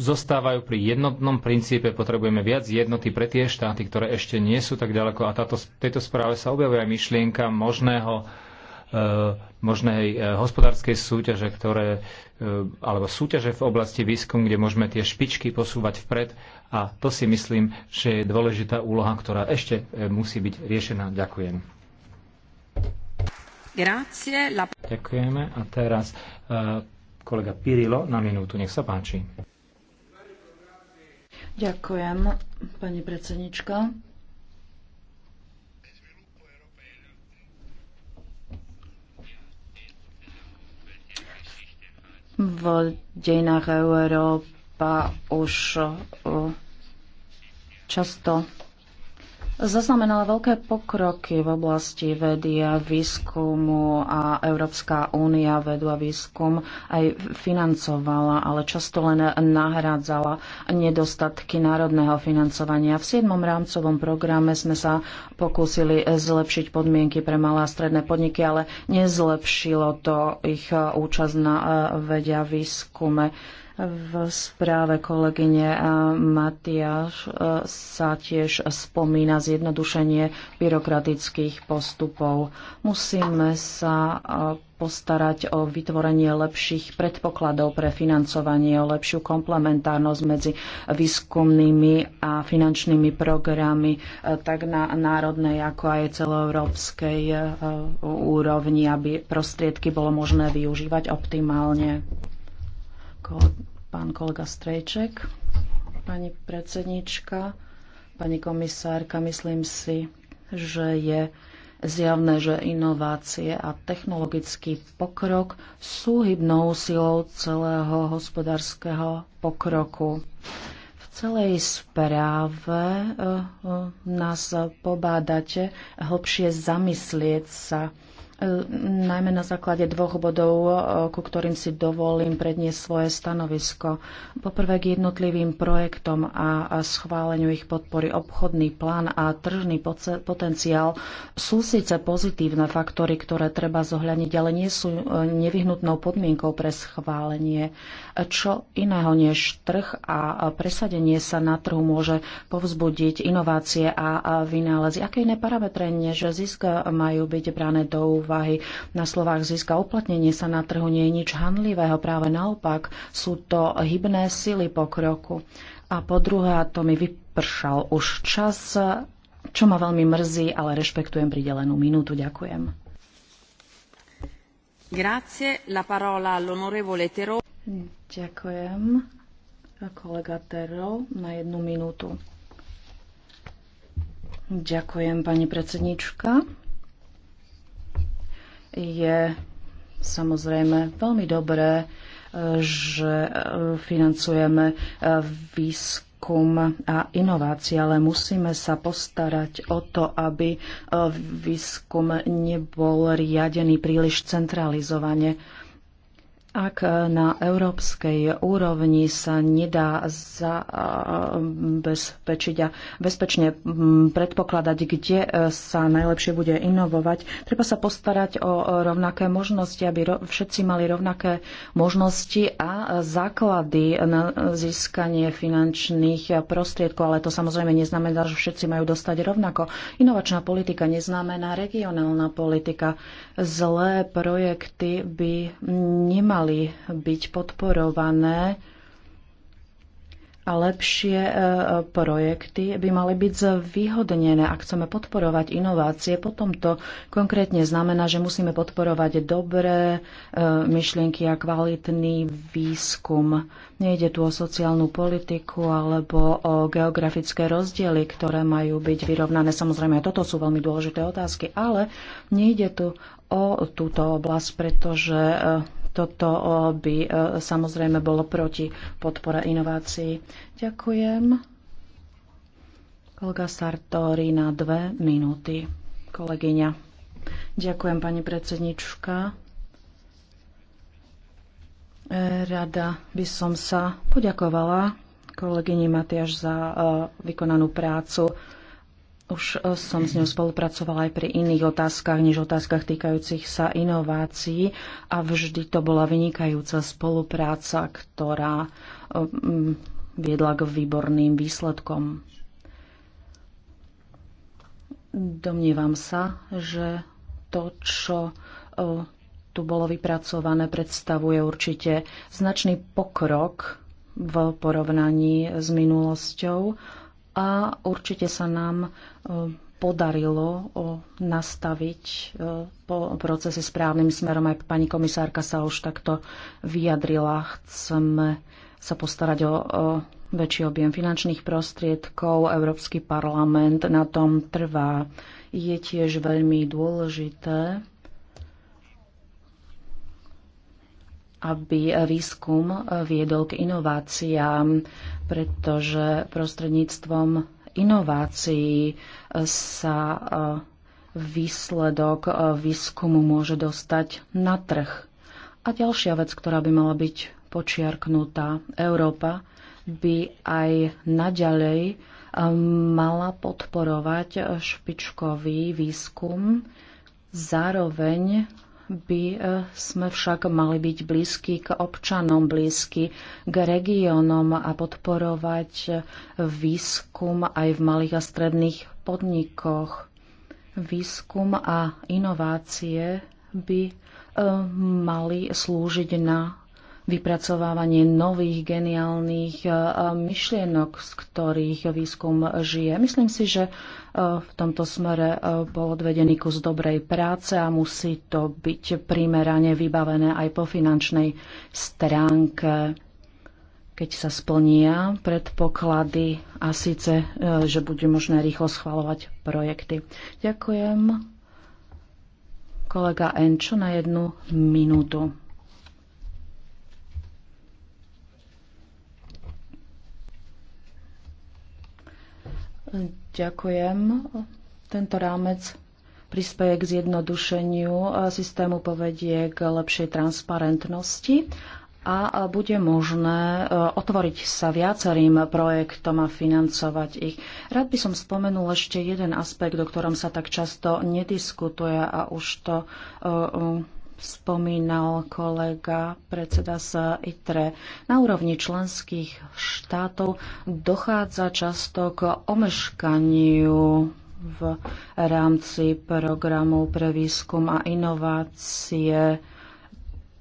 zostávajú pri jednotnom princípe, potrebujeme viac jednoty pre tie štáty, ktoré ešte nie sú tak ďaleko a táto, tejto správe sa objavuje aj myšlienka možného e, možnej e, hospodárskej súťaže, ktoré, alebo súťaže v oblasti výskum, kde môžeme tie špičky posúvať vpred a to si myslím, že je dôležitá úloha, ktorá ešte musí byť riešená. Ďakujem. Grazie. La... Ďakujeme a teraz Kolega Pirilo, na minútu, nech sa páči. Ďakujem, pani predsednička. v dejinách Európa už eh, často zaznamenala veľké pokroky v oblasti vedy a výskumu a Európska únia vedu a výskum aj financovala, ale často len nahrádzala nedostatky národného financovania. V 7. rámcovom programe sme sa pokúsili zlepšiť podmienky pre malé a stredné podniky, ale nezlepšilo to ich účasť na vedia výskume. V správe kolegyne eh, Matiaš eh, sa tiež spomína zjednodušenie byrokratických postupov. Musíme sa eh, postarať o vytvorenie lepších predpokladov pre financovanie, o lepšiu komplementárnosť medzi výskumnými a finančnými programy tak na národnej, ako aj celoeurópskej úrovni, aby prostriedky bolo možné využívať optimálne pán kolega Strejček. Pani predsednička, pani komisárka, myslím si, že je zjavné, že inovácie a technologický pokrok sú hybnou silou celého hospodárskeho pokroku. V celej správe eh, eh, nás pobádate hlbšie zamyslieť sa Ehm, najmä na základe dvoch bodov, e, ku ktorým si dovolím predniesť svoje stanovisko. Poprvé k jednotlivým projektom a schváleniu ich podpory. Obchodný plán a tržný potenciál sú síce pozitívne faktory, ktoré treba zohľadniť, ale nie sú e, nevyhnutnou podmienkou pre schválenie čo iného než trh a presadenie sa na trhu môže povzbudiť inovácie a vynálezy. Aké iné parametre než zisk majú byť brané do úvahy? Na slovách a uplatnenie sa na trhu nie je nič handlivého, práve naopak sú to hybné sily pokroku. A po druhé, to mi vypršal už čas, čo ma veľmi mrzí, ale rešpektujem pridelenú minútu. Ďakujem. Grazie, la parola all'onorevole Terò. Hm. Ďakujem. Kolega Terro na jednu minútu. Ďakujem, pani predsednička. Je samozrejme veľmi dobré, e, že e, financujeme výskum e, výskum a inovácie, ale musíme sa postarať o to, aby výskum nebol riadený príliš centralizovane ak na európskej úrovni sa nedá zabezpečiť a bezpečne mm, predpokladať, kde e, sa najlepšie bude inovovať, treba sa postarať o rovnaké možnosti, aby všetci mali rovnaké možnosti a základy na získanie finančných prostriedkov. Ale to samozrejme neznamená, že všetci majú dostať rovnako. Inovačná politika neznamená regionálna politika. Zlé projekty by nemali mali byť podporované a lepšie e, projekty by mali byť zvýhodnené. Ak chceme podporovať inovácie, potom to konkrétne znamená, že musíme podporovať dobré e, myšlienky a kvalitný výskum. Nejde tu o sociálnu politiku alebo o geografické rozdiely, ktoré majú byť vyrovnané. Samozrejme, toto sú veľmi dôležité otázky, ale nejde tu o túto oblasť, pretože e, toto eh, by eh, samozrejme bolo proti podpora inovácií. Ďakujem. Kolega Sartori na dve minúty. Kolegyňa. Ďakujem, pani predsednička. Eh, rada by som sa poďakovala kolegyni Matiaš za vykonanú prácu. Už e, som s ňou spolupracovala aj pri iných otázkach, než otázkach týkajúcich sa inovácií a vždy to bola vynikajúca spolupráca, ktorá e, viedla k výborným výsledkom. Domnievam sa, že to, čo e, tu bolo vypracované, predstavuje určite značný pokrok v porovnaní s minulosťou a určite sa nám e, podarilo nastaviť e, po procese správnym smerom. Aj pani komisárka sa už takto vyjadrila. Chceme sa postarať o, o väčší objem finančných prostriedkov. Európsky parlament na tom trvá. Je tiež veľmi dôležité, aby výskum viedol k inováciám, pretože prostredníctvom inovácií sa e, výsledok e, výskumu môže dostať na trh. A ďalšia vec, ktorá by mala byť počiarknutá, Európa by aj naďalej e, mala podporovať špičkový výskum, zároveň by e, sme však mali byť blízky k občanom, blízky k regiónom a podporovať výskum aj v malých a stredných podnikoch. Výskum a inovácie by e, mali slúžiť na vypracovávanie nových geniálnych e, myšlienok, z ktorých výskum žije. Myslím si, že e, v tomto smere e, bol odvedený kus dobrej práce a musí to byť primerane vybavené aj po finančnej stránke keď sa splnia predpoklady a síce, že bude možné rýchlo schvalovať projekty. Ďakujem. Kolega Enčo na jednu minútu. Ďakujem. Tento rámec prispieje k zjednodušeniu systému, povedie k lepšej transparentnosti a bude možné e, otvoriť sa viacerým projektom a financovať ich. Rád by som spomenul ešte jeden aspekt, o ktorom sa tak často nediskutuje a už to e, e, spomínal kolega predseda sa ITRE. Na úrovni členských štátov dochádza často k omeškaniu v rámci programu pre výskum a inovácie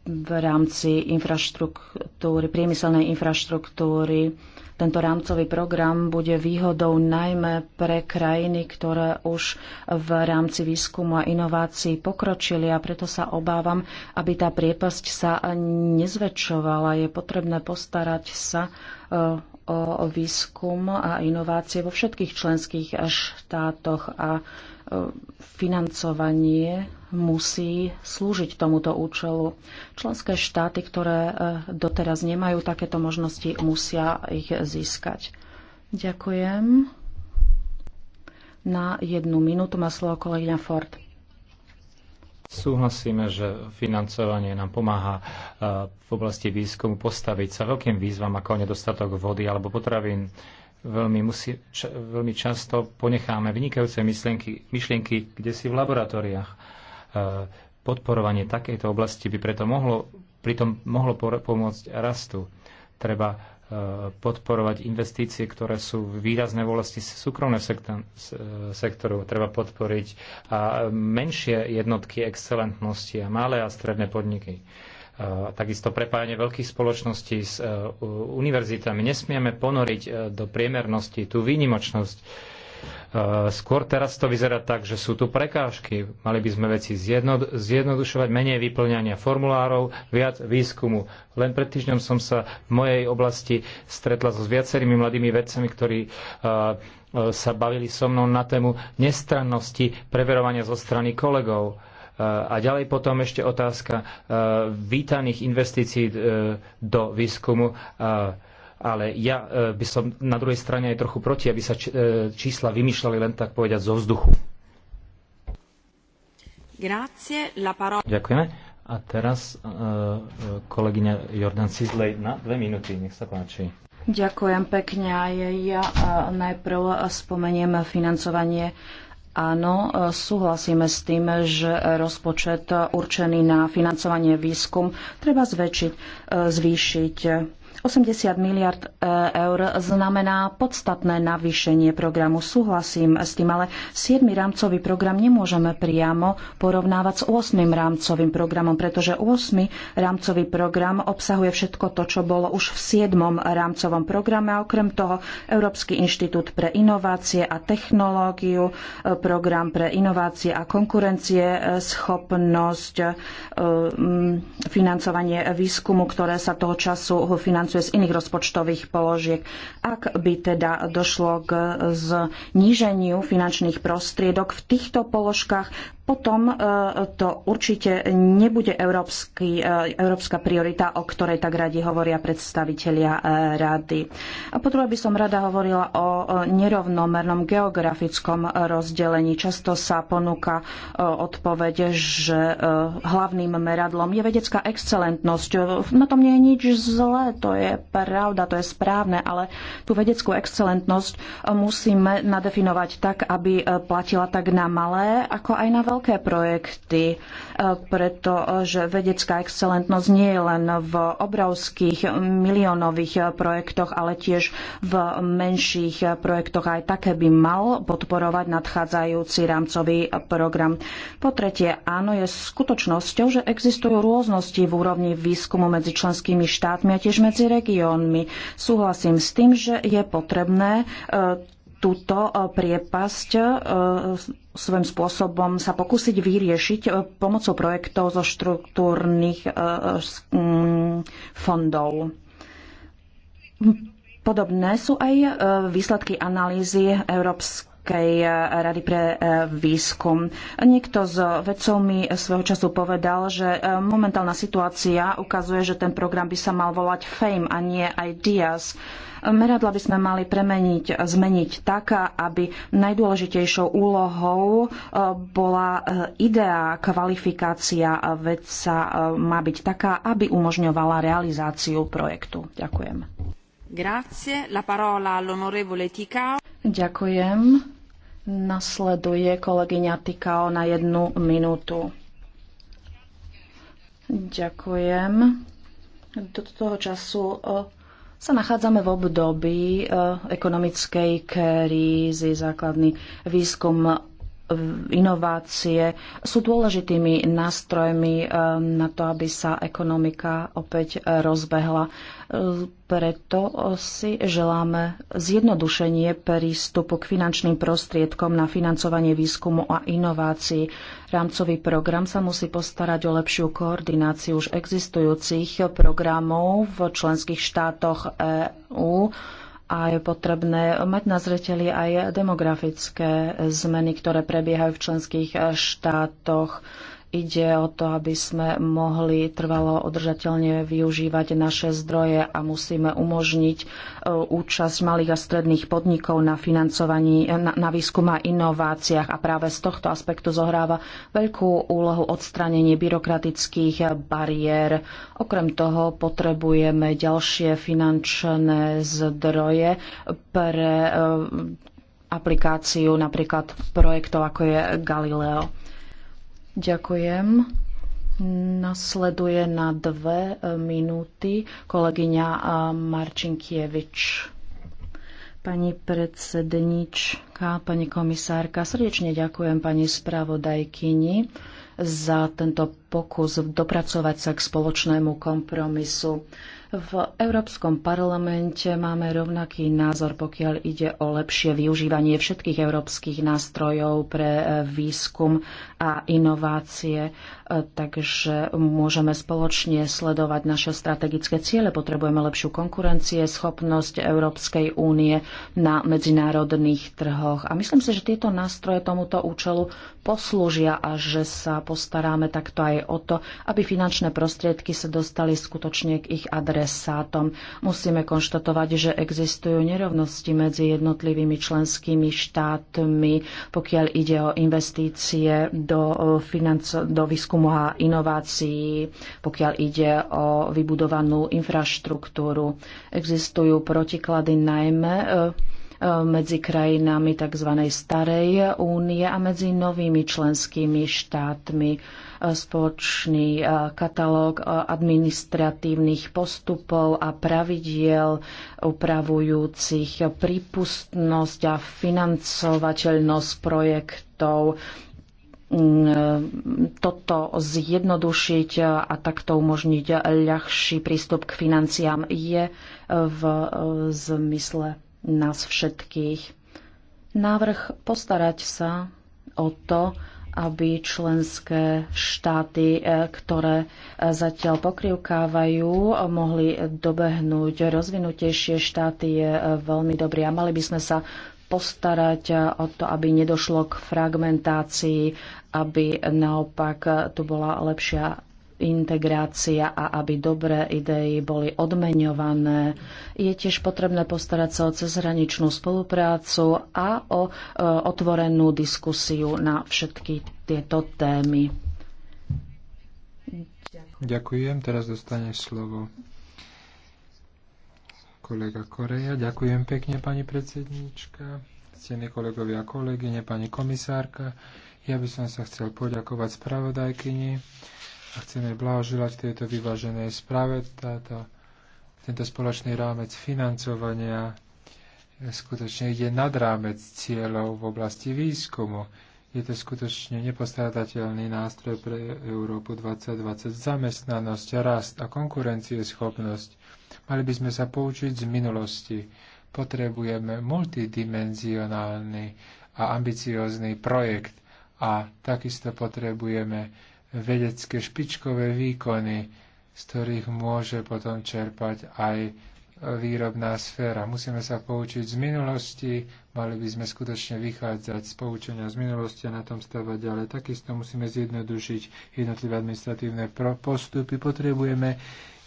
v rámci infraštruktúry, priemyselnej infraštruktúry tento rámcový program bude výhodou najmä pre krajiny, ktoré už v rámci výskumu a inovácií pokročili a preto sa obávam, aby tá priepasť sa nezväčšovala. Je potrebné postarať sa eh, o výskum a inovácie vo všetkých členských štátoch a financovanie musí slúžiť tomuto účelu. Členské štáty, ktoré e, doteraz nemajú takéto možnosti, musia ich získať. Ďakujem. Na jednu minútu má slovo kolegyňa Ford. Súhlasíme, že financovanie nám pomáha e, v oblasti výskumu postaviť sa veľkým výzvam ako nedostatok vody alebo potravín veľmi, musí, ča, veľmi často ponecháme vynikajúce myšlienky, myšlienky kde si v laboratóriách. E, podporovanie takejto oblasti by preto mohlo, pritom mohlo pomôcť rastu. Treba e, podporovať investície, ktoré sú výrazné v oblasti súkromného e, sektoru. Treba podporiť a menšie jednotky excelentnosti a malé a stredné podniky takisto prepájanie veľkých spoločností s e, univerzitami. Nesmieme ponoriť e, do priemernosti tú výnimočnosť. E, skôr teraz to vyzerá tak, že sú tu prekážky. Mali by sme veci zjednodušovať, menej vyplňania formulárov, viac výskumu. Len pred týždňom som sa v mojej oblasti stretla so viacerými mladými vedcami, ktorí sa bavili so mnou na tému nestrannosti preverovania zo strany kolegov a ďalej potom ešte otázka e, vítaných investícií e, do výskumu. E, ale ja by som na druhej strane aj trochu proti, aby sa čísla vymýšľali len tak povedať zo vzduchu. Grazie, la parola... Ďakujeme. A teraz kolegyňa Jordan Cizlej na dve minúty. Nech sa páči. Ďakujem pekne. Ja najprv spomeniem financovanie Áno, súhlasíme s tým, že rozpočet určený na financovanie výskum treba zväčšiť, e, zvýšiť 80 miliard e, eur znamená podstatné navýšenie programu. Súhlasím s tým, ale 7. rámcový program nemôžeme priamo porovnávať s 8. rámcovým programom, pretože 8. rámcový program obsahuje všetko to, čo bolo už v 7. rámcovom programe a okrem toho Európsky inštitút pre inovácie a technológiu, e, program pre inovácie a konkurencie, e, schopnosť, financovanie výskumu, ktoré sa toho času financovalo financuje z iných rozpočtových položiek. Ak by teda došlo k zníženiu finančných prostriedok v týchto položkách, potom e, to určite nebude európsky, e, európska priorita, o ktorej tak radi hovoria predstavitelia e, rady. A potom by som rada hovorila o nerovnomernom geografickom rozdelení. Často sa ponúka odpoveď, že hlavným meradlom je vedecká excelentnosť. Na tom nie je nič zlé, to je pravda, to je správne, ale tú vedeckú excelentnosť musíme nadefinovať tak, aby platila tak na malé, ako aj na veľké veľké projekty, e, pretože vedecká excelentnosť nie je len v obrovských miliónových e, projektoch, ale tiež v menších e, projektoch. Aj také by mal podporovať nadchádzajúci rámcový program. Po tretie, áno, je skutočnosťou, že existujú rôznosti v úrovni výskumu medzi členskými štátmi a tiež medzi regiónmi. Súhlasím s tým, že je potrebné túto e, priepasť e, svojím spôsobom sa pokúsiť vyriešiť e, pomocou projektov zo štruktúrnych mm, fondov. Podobné sú aj výsledky analýzy Európskej rady pre výskum. Niekto z vedcov mi svojho času povedal, že momentálna situácia ukazuje, že ten program by sa mal volať FAME a nie IDEAS. Meradla by sme mali premeniť, zmeniť tak, aby najdôležitejšou úlohou e, bola e, idea, kvalifikácia vedca e, má byť taká, aby umožňovala realizáciu projektu. Ďakujem. Grazie. La parola all'onorevole Ticao. Ďakujem. Nasleduje kolegyňa Tikao na jednu minútu. Ďakujem. Do toho času sa nachádzame v období eh, ekonomickej krízy. Základný výskum inovácie sú dôležitými nástrojmi eh, na to, aby sa ekonomika opäť rozbehla. Eh, preto si želáme zjednodušenie prístupu k finančným prostriedkom na financovanie výskumu a inovácií. Rámcový program sa musí postarať o lepšiu koordináciu už existujúcich programov v členských štátoch EÚ a je potrebné mať na zreteli aj demografické zmeny, ktoré prebiehajú v členských štátoch. Ide o to, aby sme mohli trvalo udržateľne využívať naše zdroje a musíme umožniť e, účasť malých a stredných podnikov na financovaní, e, na, na výskum a inováciách. A práve z tohto aspektu zohráva veľkú úlohu odstránenie byrokratických bariér. Okrem toho potrebujeme ďalšie finančné zdroje pre e, aplikáciu napríklad projektov ako je Galileo. Ďakujem. Nasleduje na dve e, minúty kolegyňa e, Marčinkievič. Pani predsednička, pani komisárka, srdečne ďakujem pani spravodajkyni za tento pokus dopracovať sa k spoločnému kompromisu. V Európskom parlamente máme rovnaký názor, pokiaľ ide o lepšie využívanie všetkých európskych nástrojov pre e, výskum a inovácie takže môžeme spoločne sledovať naše strategické ciele. Potrebujeme lepšiu konkurencie, schopnosť Európskej únie na medzinárodných trhoch. A myslím si, že tieto nástroje tomuto účelu poslúžia a že sa postaráme takto aj o to, aby finančné prostriedky sa dostali skutočne k ich adresátom. Musíme konštatovať, že existujú nerovnosti medzi jednotlivými členskými štátmi, pokiaľ ide o investície do, financ- do výskumu pomáha inovácii, pokiaľ ide o vybudovanú infraštruktúru. Existujú protiklady najmä e, e, medzi krajinami tzv. starej únie a medzi novými členskými štátmi. E, Spoločný katalóg administratívnych postupov a pravidiel upravujúcich prípustnosť a financovateľnosť projektov, toto zjednodušiť a takto umožniť ľahší prístup k financiám je v zmysle nás všetkých. Návrh postarať sa o to, aby členské štáty, e, ktoré e, zatiaľ pokrivkávajú, mohli dobehnúť rozvinutejšie štáty je e, veľmi dobrý a mali by sme sa postarať o to, aby nedošlo k fragmentácii, aby naopak tu bola lepšia integrácia a aby dobré idei boli odmeňované. Je tiež potrebné postarať sa o cezhraničnú spoluprácu a o e, otvorenú diskusiu na všetky tieto témy. Ďakujem. Teraz dostane slovo kolega Koreja. Ďakujem pekne, pani predsednička, ctení kolegovia a kolegyne, pani komisárka. Ja by som sa chcel poďakovať spravodajkyni a chceme blahoželať tejto vyváženej správe. Táto, tento spoločný rámec financovania skutočne ide nad rámec cieľov v oblasti výskumu. Je to skutočne nepostradateľný nástroj pre Európu 2020, zamestnanosť, rast a konkurencieschopnosť. Mali by sme sa poučiť z minulosti. Potrebujeme multidimenzionálny a ambiciózny projekt a takisto potrebujeme vedecké špičkové výkony, z ktorých môže potom čerpať aj výrobná sféra. Musíme sa poučiť z minulosti, mali by sme skutočne vychádzať z poučenia z minulosti a na tom stavať ďalej. Takisto musíme zjednodušiť jednotlivé administratívne postupy. Potrebujeme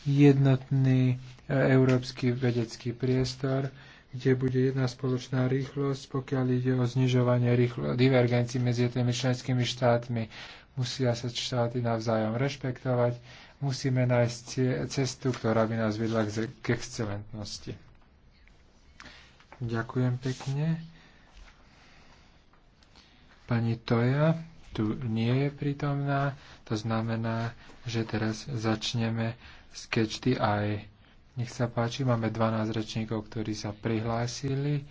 jednotný E, európsky vedecký priestor, kde bude jedna spoločná rýchlosť, pokiaľ ide o znižovanie rýchlo, divergencií medzi tými členskými štátmi. Musia sa štáty navzájom rešpektovať, musíme nájsť cestu, ktorá by nás vedla k excelentnosti. Ďakujem pekne. Pani Toja tu nie je prítomná, to znamená, že teraz začneme sketch the eye nech sa páči, máme 12 rečníkov, ktorí sa prihlásili.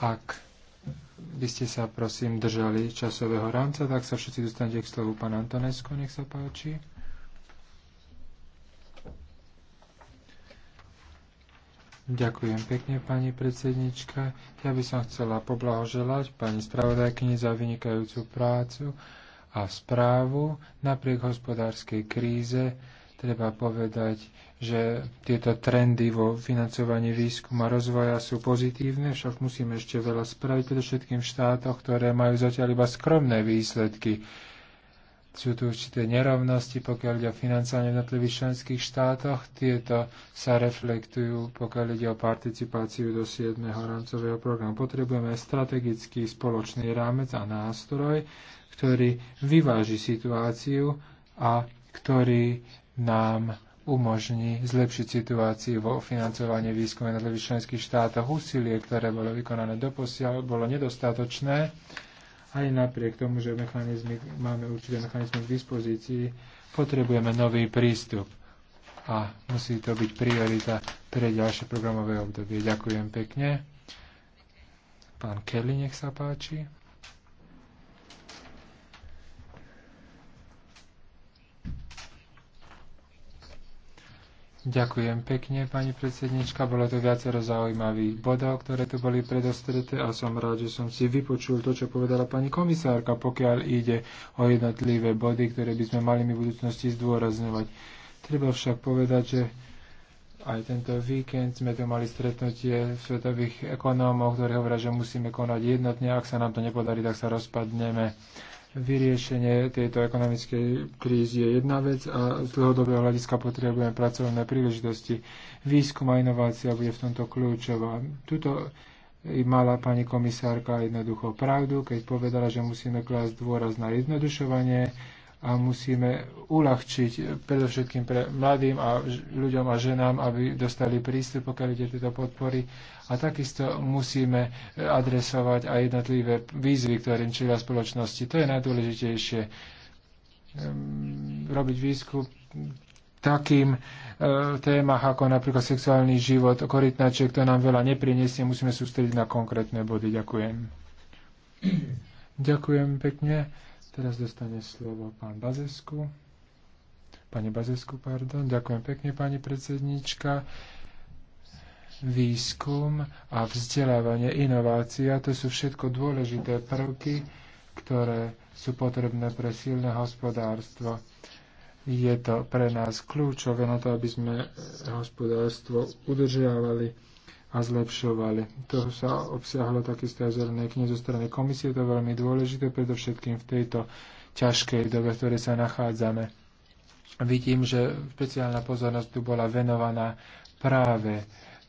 Ak by ste sa prosím držali časového rámca, tak sa všetci dostanete k slovu pán Antonesko, nech sa páči. Ďakujem pekne, pani predsednička. Ja by som chcela poblahoželať pani spravodajkyni za vynikajúcu prácu a správu napriek hospodárskej kríze treba povedať, že tieto trendy vo financovaní výskuma a rozvoja sú pozitívne, však musíme ešte veľa spraviť, predovšetkým v štátoch, ktoré majú zatiaľ iba skromné výsledky. Sú tu určité nerovnosti, pokiaľ ide o financovanie v jednotlivých členských štátoch. Tieto sa reflektujú, pokiaľ ide o participáciu do 7. rámcového programu. Potrebujeme strategický spoločný rámec a nástroj, ktorý vyváži situáciu a ktorý nám umožní zlepšiť situáciu vo financovaní výskumu na členských štátoch. Úsilie, ktoré bolo vykonané doposiaľ, bolo nedostatočné, aj napriek tomu, že mechanizmy, máme určité mechanizmy k dispozícii, potrebujeme nový prístup a musí to byť priorita pre ďalšie programové obdobie. Ďakujem pekne. Pán Kelly, nech sa páči. Ďakujem pekne, pani predsednička. Bolo to viacero zaujímavých bodov, ktoré tu boli predostreté a som rád, že som si vypočul to, čo povedala pani komisárka, pokiaľ ide o jednotlivé body, ktoré by sme mali my v budúcnosti zdôrazňovať. Treba však povedať, že aj tento víkend sme tu mali stretnutie svetových ekonómov, ktorí hovoria, že musíme konať jednotne, ak sa nám to nepodarí, tak sa rozpadneme. Vyriešenie tejto ekonomickej krízy je jedna vec a z dlhodobého hľadiska potrebujeme pracovné príležitosti. Výskum a inovácia bude v tomto kľúčová. Tuto mala pani komisárka jednoducho pravdu, keď povedala, že musíme klásť dôraz na jednodušovanie, a musíme uľahčiť predovšetkým pre mladým a ľuďom a ženám, aby dostali prístup, pokiaľ ide tieto podpory. A takisto musíme e, adresovať aj jednotlivé výzvy, ktorým čelia spoločnosti. To je najdôležitejšie. Ehm, robiť výskum takým e, témach ako napríklad sexuálny život, korytnaček, to nám veľa nepriniesie, musíme sústrediť na konkrétne body. Ďakujem. Ďakujem pekne. Teraz dostane slovo pán Bazesku. Pani Bazesku, pardon. Ďakujem pekne, pani predsednička výskum a vzdelávanie, inovácia, to sú všetko dôležité prvky, ktoré sú potrebné pre silné hospodárstvo. Je to pre nás kľúčové na to, aby sme hospodárstvo udržiavali a zlepšovali. To sa obsiahlo takisto aj zelené knihy zo strany komisie, to je veľmi dôležité, predovšetkým v tejto ťažkej dobe, v ktorej sa nachádzame. Vidím, že špeciálna pozornosť tu bola venovaná práve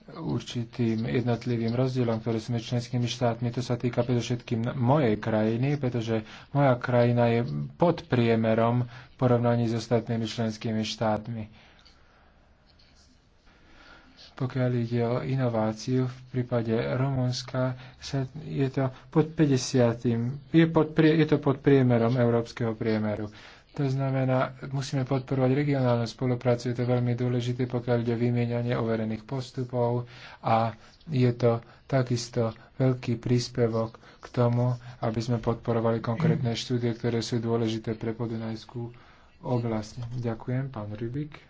určitým jednotlivým rozdielom, ktoré sme členskými štátmi. To sa týka predovšetkým mojej krajiny, pretože moja krajina je pod priemerom v porovnaní s ostatnými členskými štátmi pokiaľ ide o inováciu, v prípade Rumunska sa, je, to pod 50, je, pod, je to pod priemerom európskeho priemeru. To znamená, musíme podporovať regionálnu spoluprácu, je to veľmi dôležité, pokiaľ ide o vymieňanie overených postupov a je to takisto veľký príspevok k tomu, aby sme podporovali konkrétne štúdie, ktoré sú dôležité pre podunajskú oblasť. Ďakujem, pán Rybik.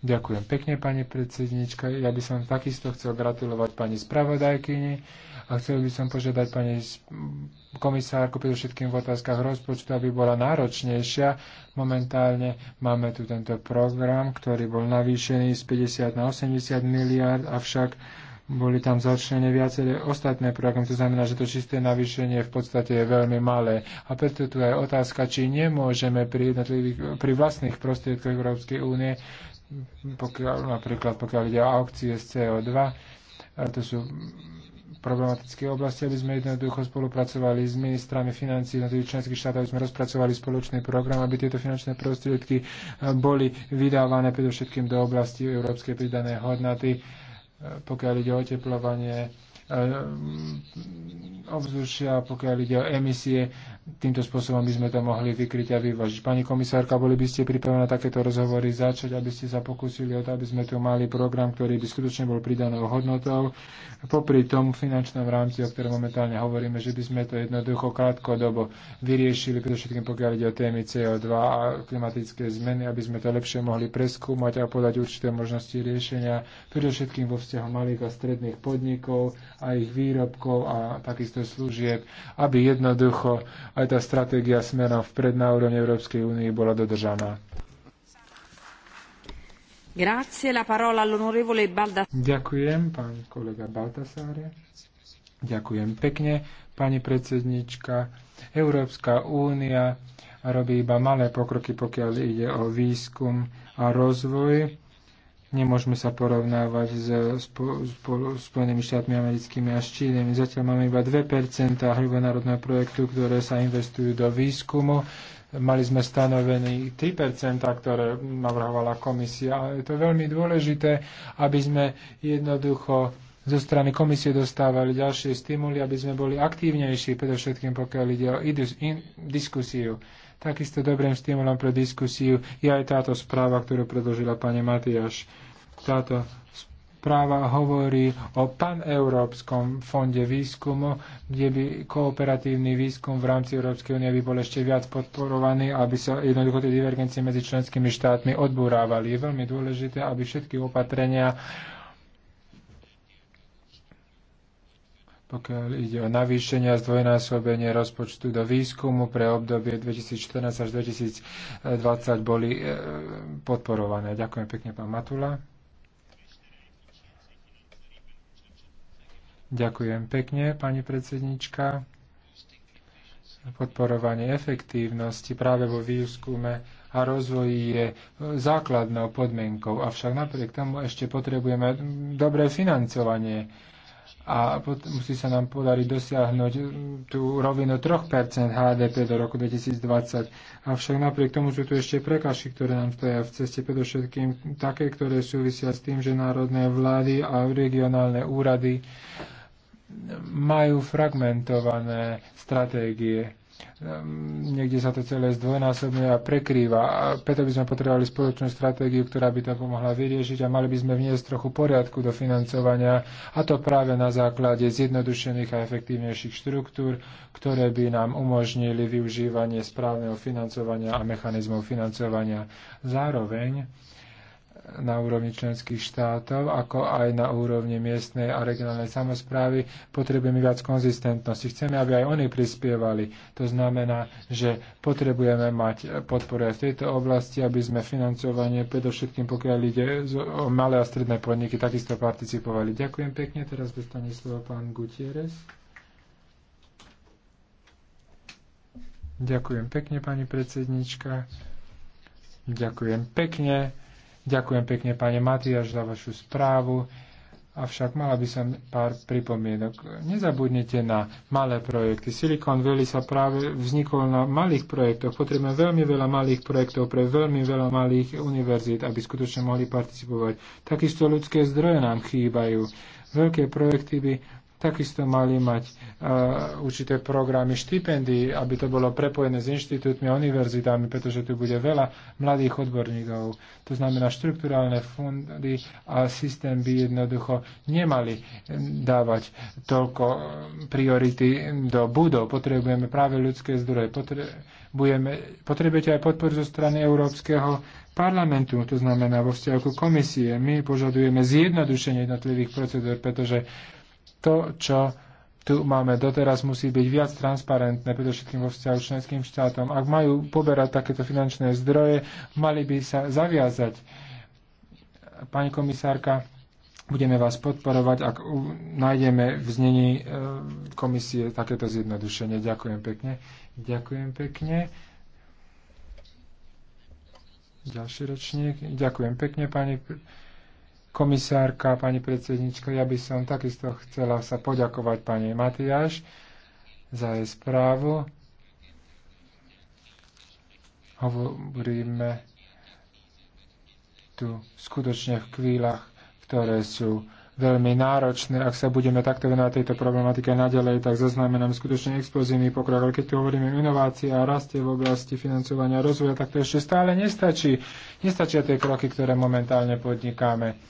Ďakujem pekne, pani predsednička. Ja by som takisto chcel gratulovať pani spravodajkyni a chcel by som požiadať pani komisárku predovšetkým v otázkach rozpočtu, aby bola náročnejšia. Momentálne máme tu tento program, ktorý bol navýšený z 50 na 80 miliard, avšak boli tam začlené viaceré ostatné programy, to znamená, že to čisté navýšenie v podstate je veľmi malé. A preto tu je otázka, či nemôžeme pri, pri vlastných prostriedkoch Európskej únie pokiaľ, napríklad pokiaľ ide o aukcie z CO2, e, to sú problematické oblasti, aby sme jednoducho spolupracovali s ministrami financí na tých členských štátov, aby sme rozpracovali spoločný program, aby tieto finančné prostriedky e, boli vydávané predovšetkým do oblasti európskej pridanej hodnoty, e, pokiaľ ide o oteplovanie, Eh, ovzdušia, pokiaľ ide o emisie. Týmto spôsobom by sme to mohli vykryť a vyvážiť. Pani komisárka, boli by ste pripravená takéto rozhovory začať, aby ste sa pokúsili o to, aby sme tu mali program, ktorý by skutočne bol pridanou hodnotou. Popri tom finančnom rámci, o ktorom momentálne hovoríme, že by sme to jednoducho krátkodobo vyriešili, predovšetkým pokiaľ ide o témy CO2 a klimatické zmeny, aby sme to lepšie mohli preskúmať a podať určité možnosti riešenia, predovšetkým vo vzťahu malých a stredných podnikov a ich výrobkov a takisto služieb, aby jednoducho aj tá stratégia smerom vpred na úrovni Európskej únie bola dodržaná. Grazie, la parola all'onorevole Ďakujem, pán kolega Baltasare. Ďakujem pekne, pani predsednička. Európska únia robí iba malé pokroky, pokiaľ ide o výskum a rozvoj Nemôžeme sa porovnávať s Spojenými štátmi americkými a s Čínami. Zatiaľ máme iba 2% hrubonárodného projektu, ktoré sa investujú do výskumu. Mali sme stanovený 3%, ktoré navrhovala komisia. Ale je to veľmi dôležité, aby sme jednoducho zo strany komisie dostávali ďalšie stimuly, aby sme boli aktívnejší, predovšetkým pokiaľ ide o diskusiu. Takisto dobrým stimulom pre diskusiu je aj táto správa, ktorú predložila pani Matiaš. Táto správa hovorí o paneurópskom fonde výskumu, kde by kooperatívny výskum v rámci Európskej únie by bol ešte viac podporovaný, aby sa jednoducho tie divergencie medzi členskými štátmi odburávali. Je veľmi dôležité, aby všetky opatrenia pokiaľ ide o navýšenie a zdvojnásobenie rozpočtu do výskumu pre obdobie 2014 až 2020 boli e, podporované. Ďakujem pekne, pán Matula. Ďakujem pekne, pani predsednička. Podporovanie efektívnosti práve vo výskume a rozvoji je základnou podmienkou, avšak napriek tomu ešte potrebujeme dobré financovanie a musí sa nám podariť dosiahnuť mm, tú rovinu 3% HDP do roku 2020. Avšak napriek tomu sú tu ešte prekažky, ktoré nám stoja v ceste, predovšetkým také, ktoré súvisia s tým, že národné vlády a regionálne úrady majú fragmentované stratégie Ehm, niekde sa to celé zdvojnásobne a prekrýva. A preto by sme potrebovali spoločnú stratégiu, ktorá by to pomohla vyriešiť a mali by sme vniesť trochu poriadku do financovania a to práve na základe zjednodušených a efektívnejších štruktúr, ktoré by nám umožnili využívanie správneho financovania a mechanizmov financovania. Zároveň na úrovni členských štátov, ako aj na úrovni miestnej a regionálnej samozprávy, potrebujeme viac konzistentnosti. Chceme, aby aj oni prispievali. To znamená, že potrebujeme mať podporu aj v tejto oblasti, aby sme financovanie, predovšetkým pokiaľ ide o malé a stredné podniky, takisto participovali. Ďakujem pekne. Teraz dostane slovo pán Gutierrez. Ďakujem pekne, pani predsednička. Ďakujem pekne Ďakujem pekne, pane Matiaš, za vašu správu. Avšak mala by som pár pripomienok. Nezabudnite na malé projekty. Silicon Valley sa práve vznikol na malých projektoch. Potrebujeme veľmi veľa malých projektov pre veľmi veľa malých univerzít, aby skutočne mohli participovať. Takisto ľudské zdroje nám chýbajú. Veľké projekty by Takisto mali mať uh, určité programy štipendii, aby to bolo prepojené s inštitútmi a univerzitami, pretože tu bude veľa mladých odborníkov. To znamená, štruktúrálne fondy a systém by jednoducho nemali dávať toľko e, priority do budov. Potrebujeme práve ľudské zdroje. Potrebujeme, potrebujete aj podporu zo strany Európskeho parlamentu, to znamená vo vzťahu komisie. My požadujeme zjednodušenie jednotlivých procedúr, pretože to, čo tu máme doteraz, musí byť viac transparentné, predovšetkým vo vzťahu členským štátom. Ak majú poberať takéto finančné zdroje, mali by sa zaviazať. Pani komisárka, budeme vás podporovať, ak nájdeme v znení e, komisie takéto zjednodušenie. Ďakujem pekne. Ďakujem pekne. Ďalší ročník. Ďakujem pekne, pani komisárka, pani predsednička, ja by som takisto chcela sa poďakovať pani Matiáš za jej správu. Hovoríme tu skutočne v chvíľach, ktoré sú veľmi náročné. Ak sa budeme takto venovať tejto problematike naďalej, tak zaznamenám skutočne explozívny pokrok. Ale keď tu hovoríme o inovácii a raste v oblasti financovania a rozvoja, tak to ešte stále nestačí. Nestačia tie kroky, ktoré momentálne podnikáme.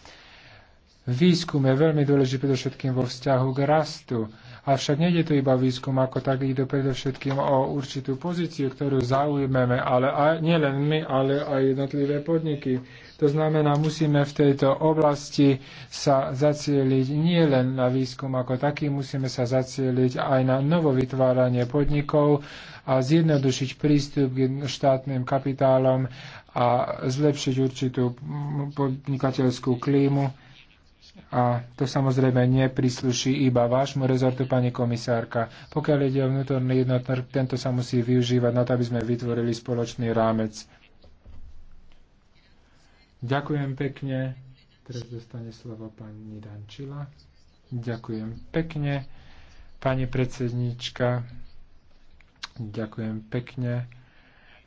Výskum je veľmi dôležitý predovšetkým vo vzťahu k rastu. Avšak nejde to iba výskum ako tak, ide predovšetkým o určitú pozíciu, ktorú zaujmeme, ale aj, len my, ale aj jednotlivé podniky. To znamená, musíme v tejto oblasti sa zacieliť nie len na výskum ako taký, musíme sa zacieliť aj na novovytváranie podnikov a zjednodušiť prístup k štátnym kapitálom a zlepšiť určitú podnikateľskú klímu a to samozrejme neprisluší iba vášmu rezortu, pani komisárka. Pokiaľ ide o vnútorný jednotný tento sa musí využívať na to, aby sme vytvorili spoločný rámec. Ďakujem pekne. Teraz dostane slovo pani Dančila. Ďakujem pekne. Pani predsednička, ďakujem pekne.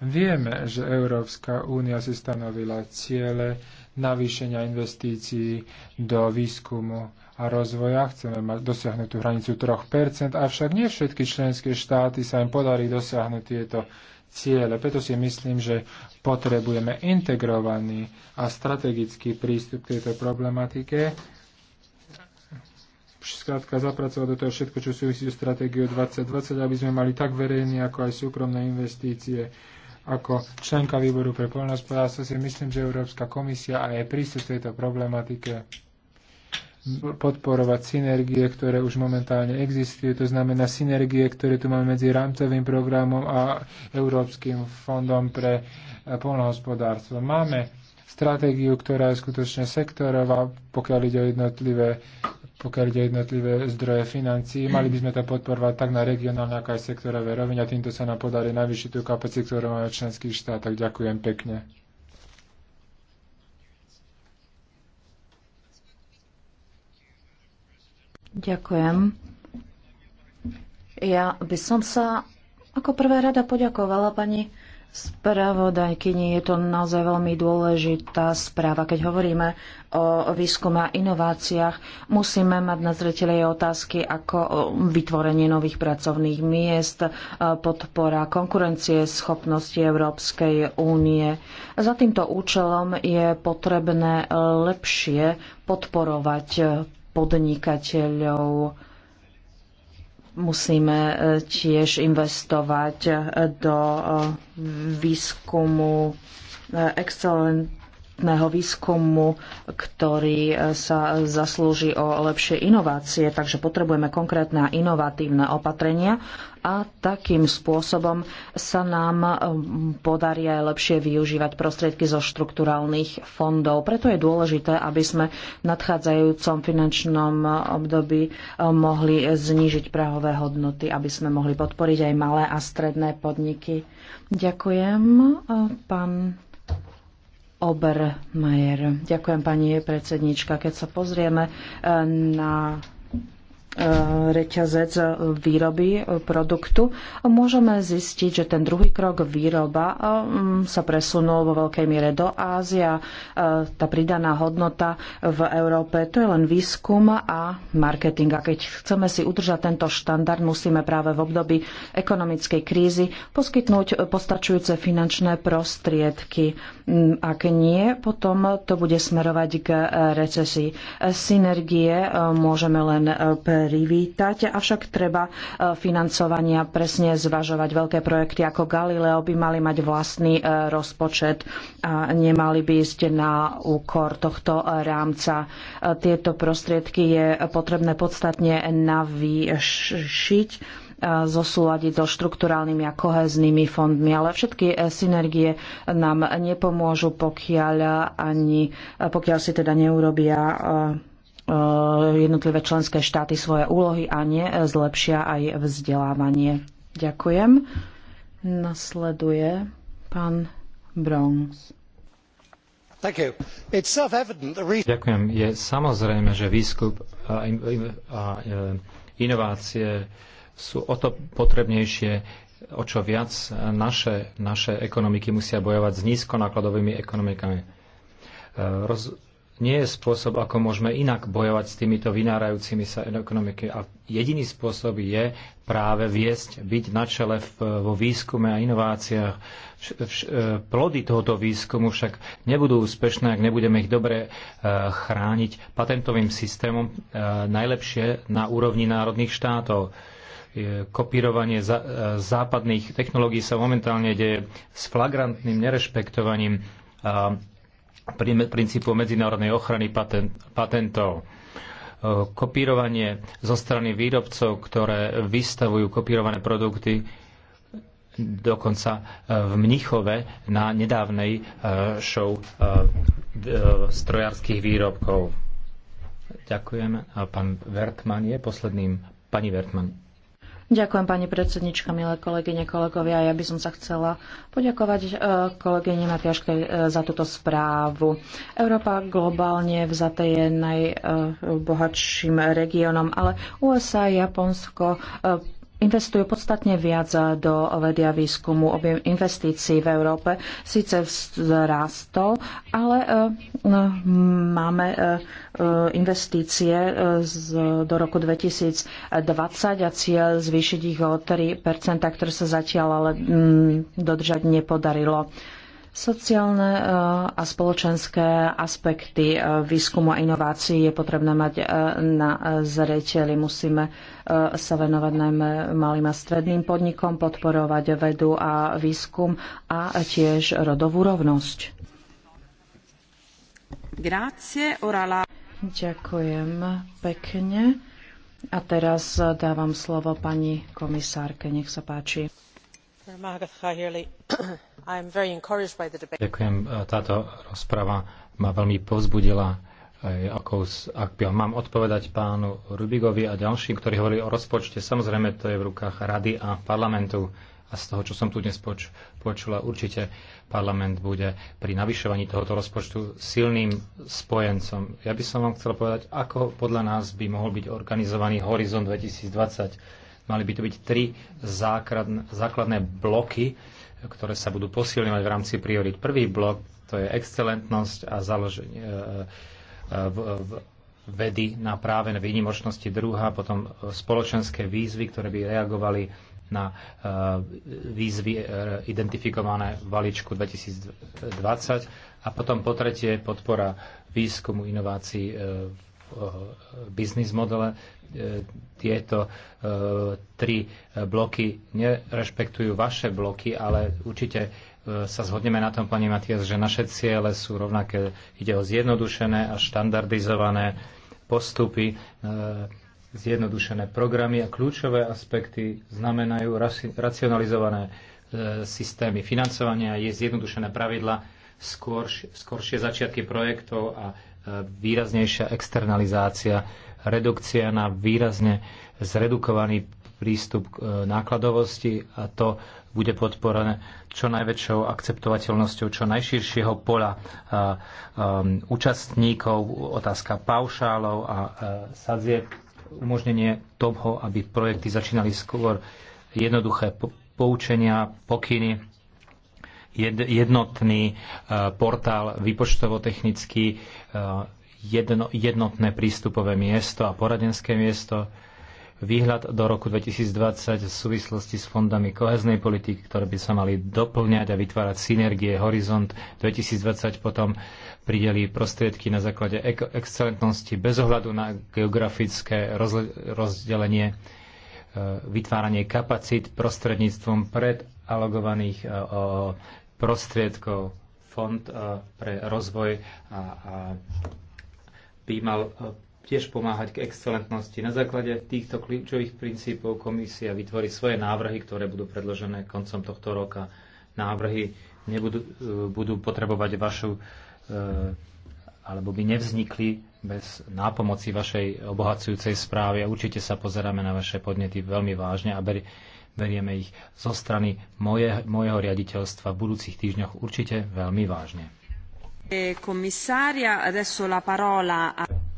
Vieme, že Európska únia si stanovila ciele, navýšenia investícií do výskumu a rozvoja. Chceme mať dosiahnuť tú hranicu 3%, avšak nie všetky členské štáty sa im podarí dosiahnuť tieto ciele. Preto si myslím, že potrebujeme integrovaný a strategický prístup k tejto problematike. Skrátka zapracovať do toho všetko, čo súvisí so stratégiou 2020, aby sme mali tak verejné, ako aj súkromné investície ako členka výboru pre poľnohospodárstvo si myslím, že Európska komisia a jej prístup tejto problematike podporovať synergie, ktoré už momentálne existujú. To znamená synergie, ktoré tu máme medzi rámcovým programom a Európskym fondom pre eh, poľnohospodárstvo. Máme stratégiu, ktorá je skutočne sektorová, pokiaľ ide o jednotlivé pokiaľ ide jednotlivé zdroje financií. Mali by sme to podporovať tak na regionálne, ako aj sektorové rovine a týmto sa nám podarí navýšiť tú kapacitu, ktorú máme v členských Tak Ďakujem pekne. Ďakujem. Ja by som sa ako prvé rada poďakovala pani spravodajkyni. Je to naozaj veľmi dôležitá správa. Keď hovoríme o výskume a inováciách, musíme mať na zretele otázky ako vytvorenie nových pracovných miest, e, podpora konkurencie schopnosti Európskej únie. Za týmto účelom je potrebné lepšie podporovať podnikateľov musíme e, tiež investovať e, do výskumu excelent kvalitného výskumu, ktorý e, sa zaslúži o lepšie inovácie, takže potrebujeme konkrétne a inovatívne opatrenia a takým spôsobom sa nám e, podarí aj lepšie využívať prostriedky zo štrukturálnych fondov. Preto je dôležité, aby sme v nadchádzajúcom finančnom období e, mohli znížiť prahové hodnoty, aby sme mohli podporiť aj malé a stredné podniky. Ďakujem, pán Obermajer. Ďakujem pani predsednička. Keď sa pozrieme eh, na eh, reťazec výroby produktu, môžeme zistiť, že ten druhý krok výroba eh, mm, sa presunul vo veľkej miere do Ázia. Tá pridaná hodnota v Európe to je len výskum a marketing. A keď chceme si udržať tento štandard, musíme práve v období ekonomickej krízy poskytnúť postačujúce finančné prostriedky. Mm, ak nie, potom to bude smerovať k eh, recesii. Synergie eh, môžeme len eh, privítať, avšak treba financovania presne zvažovať. Veľké projekty ako Galileo by mali mať vlastný rozpočet a nemali by ísť na úkor tohto rámca. Tieto prostriedky je potrebné podstatne navýšiť zosúľadiť so štrukturálnymi a koheznými fondmi. Ale všetky e, synergie nám nepomôžu, pokiaľ, ani, e, pokiaľ si teda neurobia e, jednotlivé členské štáty svoje úlohy a zlepšia aj vzdelávanie. Ďakujem. Nasleduje pán Bronx. Ďakujem. Je samozrejme, že výskup a inovácie sú o to potrebnejšie, o čo viac naše, naše ekonomiky musia bojovať s nízkonákladovými ekonomikami. E, roz, nie je spôsob, ako môžeme inak bojovať s týmito vynárajúcimi sa ekonomiky. A jediný spôsob je práve viesť, byť na čele v, vo výskume a inováciách. Vš, vš, e, plody tohoto výskumu však nebudú úspešné, ak nebudeme ich dobre e, chrániť patentovým systémom e, najlepšie na úrovni národných štátov kopírovanie e, západných technológií sa momentálne deje s flagrantným nerešpektovaním princípu medzinárodnej ochrany patentov. E, kopírovanie zo strany výrobcov, ktoré vystavujú kopírované produkty, dokonca e, v Mnichove na nedávnej show strojárskych výrobkov. Ďakujem. A pán Vertman je posledným. Pani Vertman. Ďakujem pani predsednička, milé kolegyne, kolegovia. Ja by som sa chcela poďakovať e, kolegyni Matiaške e, za túto správu. Európa globálne vzaté je najbohatším regiónom, ale USA, Japonsko, e, investujú podstatne viac do vedia výskumu. Objem investícií v Európe síce vzrastol, ale eh, no, máme eh, investície eh, do roku 2020 a cieľ zvýšiť ich o 3 ktoré sa zatiaľ ale mm, dodržať nepodarilo. Sociálne eh, a spoločenské aspekty eh, výskumu a inovácií je potrebné mať eh, na zreteli. Musíme sa venovať najmä malým a stredným podnikom, podporovať vedu a výskum a tiež rodovú rovnosť. Grazie, orala. Ďakujem pekne. A teraz dávam slovo pani komisárke. Nech sa páči. Ďakujem. E, táto rozprava ma veľmi povzbudila, e, ak by mám odpovedať pánu Rubigovi a ďalším, ktorí hovorili o rozpočte, samozrejme to je v rukách rady a parlamentu. A z toho, čo som tu dnes poč- počula, určite parlament bude pri navyšovaní tohoto rozpočtu silným spojencom. Ja by som vám chcel povedať, ako podľa nás by mohol byť organizovaný Horizon 2020. Mali by to byť tri základné bloky, ktoré sa budú posilňovať v rámci priorit. Prvý blok to je excelentnosť a založenie e, e, vedy na práve na výnimočnosti druhá, potom spoločenské výzvy, ktoré by reagovali na e, výzvy identifikované v valičku 2020 a potom po tretie podpora výskumu inovácií v Eh, biznis modele. Eh, tieto eh, tri bloky nerešpektujú vaše bloky, ale určite sa zhodneme na tom, pani Matias, že naše ciele sú rovnaké. Ide o zjednodušené a štandardizované postupy, zjednodušené programy a kľúčové aspekty znamenajú racionalizované systémy financovania, je zjednodušené pravidla, skôr, začiatky projektov a výraznejšia externalizácia, redukcia na výrazne zredukovaný prístup k e, nákladovosti a to bude podporené čo najväčšou akceptovateľnosťou čo najširšieho pola e, e, účastníkov, otázka paušálov a sadzie, umožnenie toho, aby projekty začínali skôr jednoduché poučenia, pokyny jednotný e, portál výpočtovo-technický, e, jedno, jednotné prístupové miesto a poradenské miesto, výhľad do roku 2020 v súvislosti s fondami koheznej politiky, ktoré by sa mali doplňať a vytvárať synergie Horizont 2020, potom prideli prostriedky na základe excelentnosti bez ohľadu na geografické rozdelenie, e, vytváranie kapacít prostredníctvom predalogovaných prostriedkov. Fond eh, pre rozvoj a, a by mal eh, tiež pomáhať k excelentnosti. Na základe týchto kľúčových princípov komisia vytvorí svoje návrhy, ktoré budú predložené koncom tohto roka. Návrhy nebudú, eh, budú potrebovať vašu alebo by nevznikli bez nápomoci vašej obohacujúcej správy a určite sa pozeráme na vaše podnety veľmi vážne a Berieme ich zo strany moje, mojeho riaditeľstva v budúcich týždňoch určite veľmi vážne.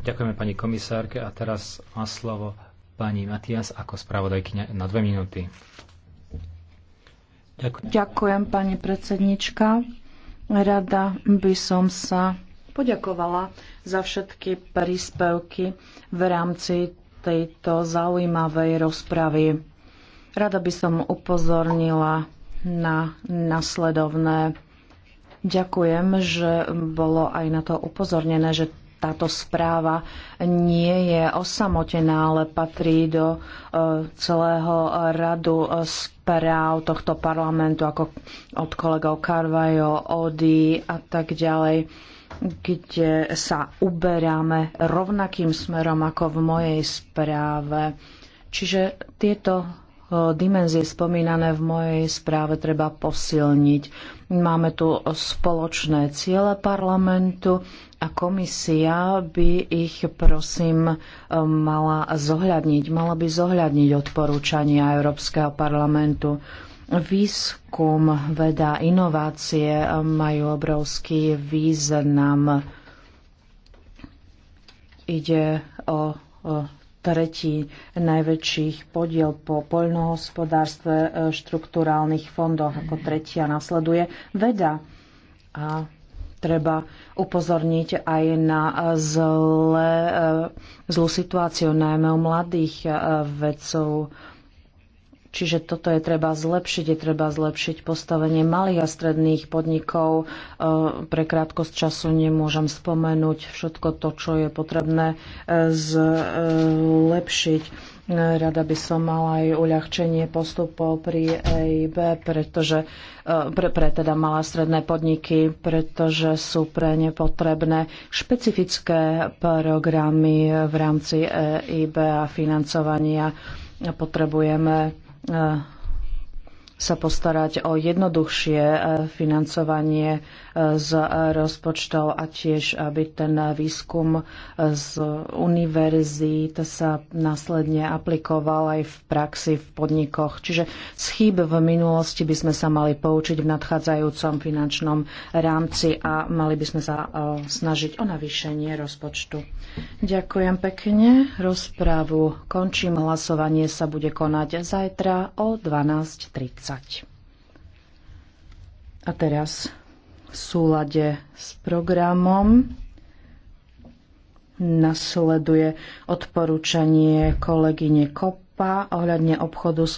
Ďakujeme pani komisárke a teraz má slovo pani Matias ako spravodajkyňa na dve minúty. Ďakujem. Ďakujem pani predsednička. Rada by som sa poďakovala za všetky príspevky v rámci tejto zaujímavej rozpravy. Rada by som upozornila na nasledovné. Ďakujem, že bolo aj na to upozornené, že táto správa nie je osamotená, ale patrí do e, celého radu správ tohto parlamentu, ako od kolegov Carvajo, Ody a tak ďalej kde sa uberáme rovnakým smerom ako v mojej správe. Čiže tieto E, dimenzie spomínané v mojej správe treba posilniť. Máme tu spoločné ciele parlamentu a komisia by ich, prosím, e, mala zohľadniť. Mala by zohľadniť odporúčania Európskeho parlamentu. Výskum, veda, inovácie e, majú obrovský význam. Ide o, o tretí najväčších podiel po poľnohospodárstve, e, štruktúrálnych fondoch ako tretia nasleduje veda. A treba upozorniť aj na zlé, e, zlú situáciu najmä u mladých e, vedcov Čiže toto je treba zlepšiť, je treba zlepšiť postavenie malých a stredných podnikov. E, pre krátkosť času nemôžem spomenúť všetko to, čo je potrebné e, zlepšiť. E, rada by som mala aj uľahčenie postupov pri EIB, pretože, pre, pre teda malé stredné podniky, pretože sú pre ne potrebné špecifické programy v rámci EIB a financovania. Potrebujeme sa postarať o jednoduchšie eh, financovanie z rozpočtov a tiež, aby ten výskum z univerzít sa následne aplikoval aj v praxi v podnikoch. Čiže z chýb v minulosti by sme sa mali poučiť v nadchádzajúcom finančnom rámci a mali by sme sa e, snažiť o navýšenie rozpočtu. Ďakujem pekne. Rozprávu končím. Hlasovanie sa bude konať zajtra o 12.30. A teraz v súlade s programom. Nasleduje odporúčanie kolegyne Kopa ohľadne obchodu s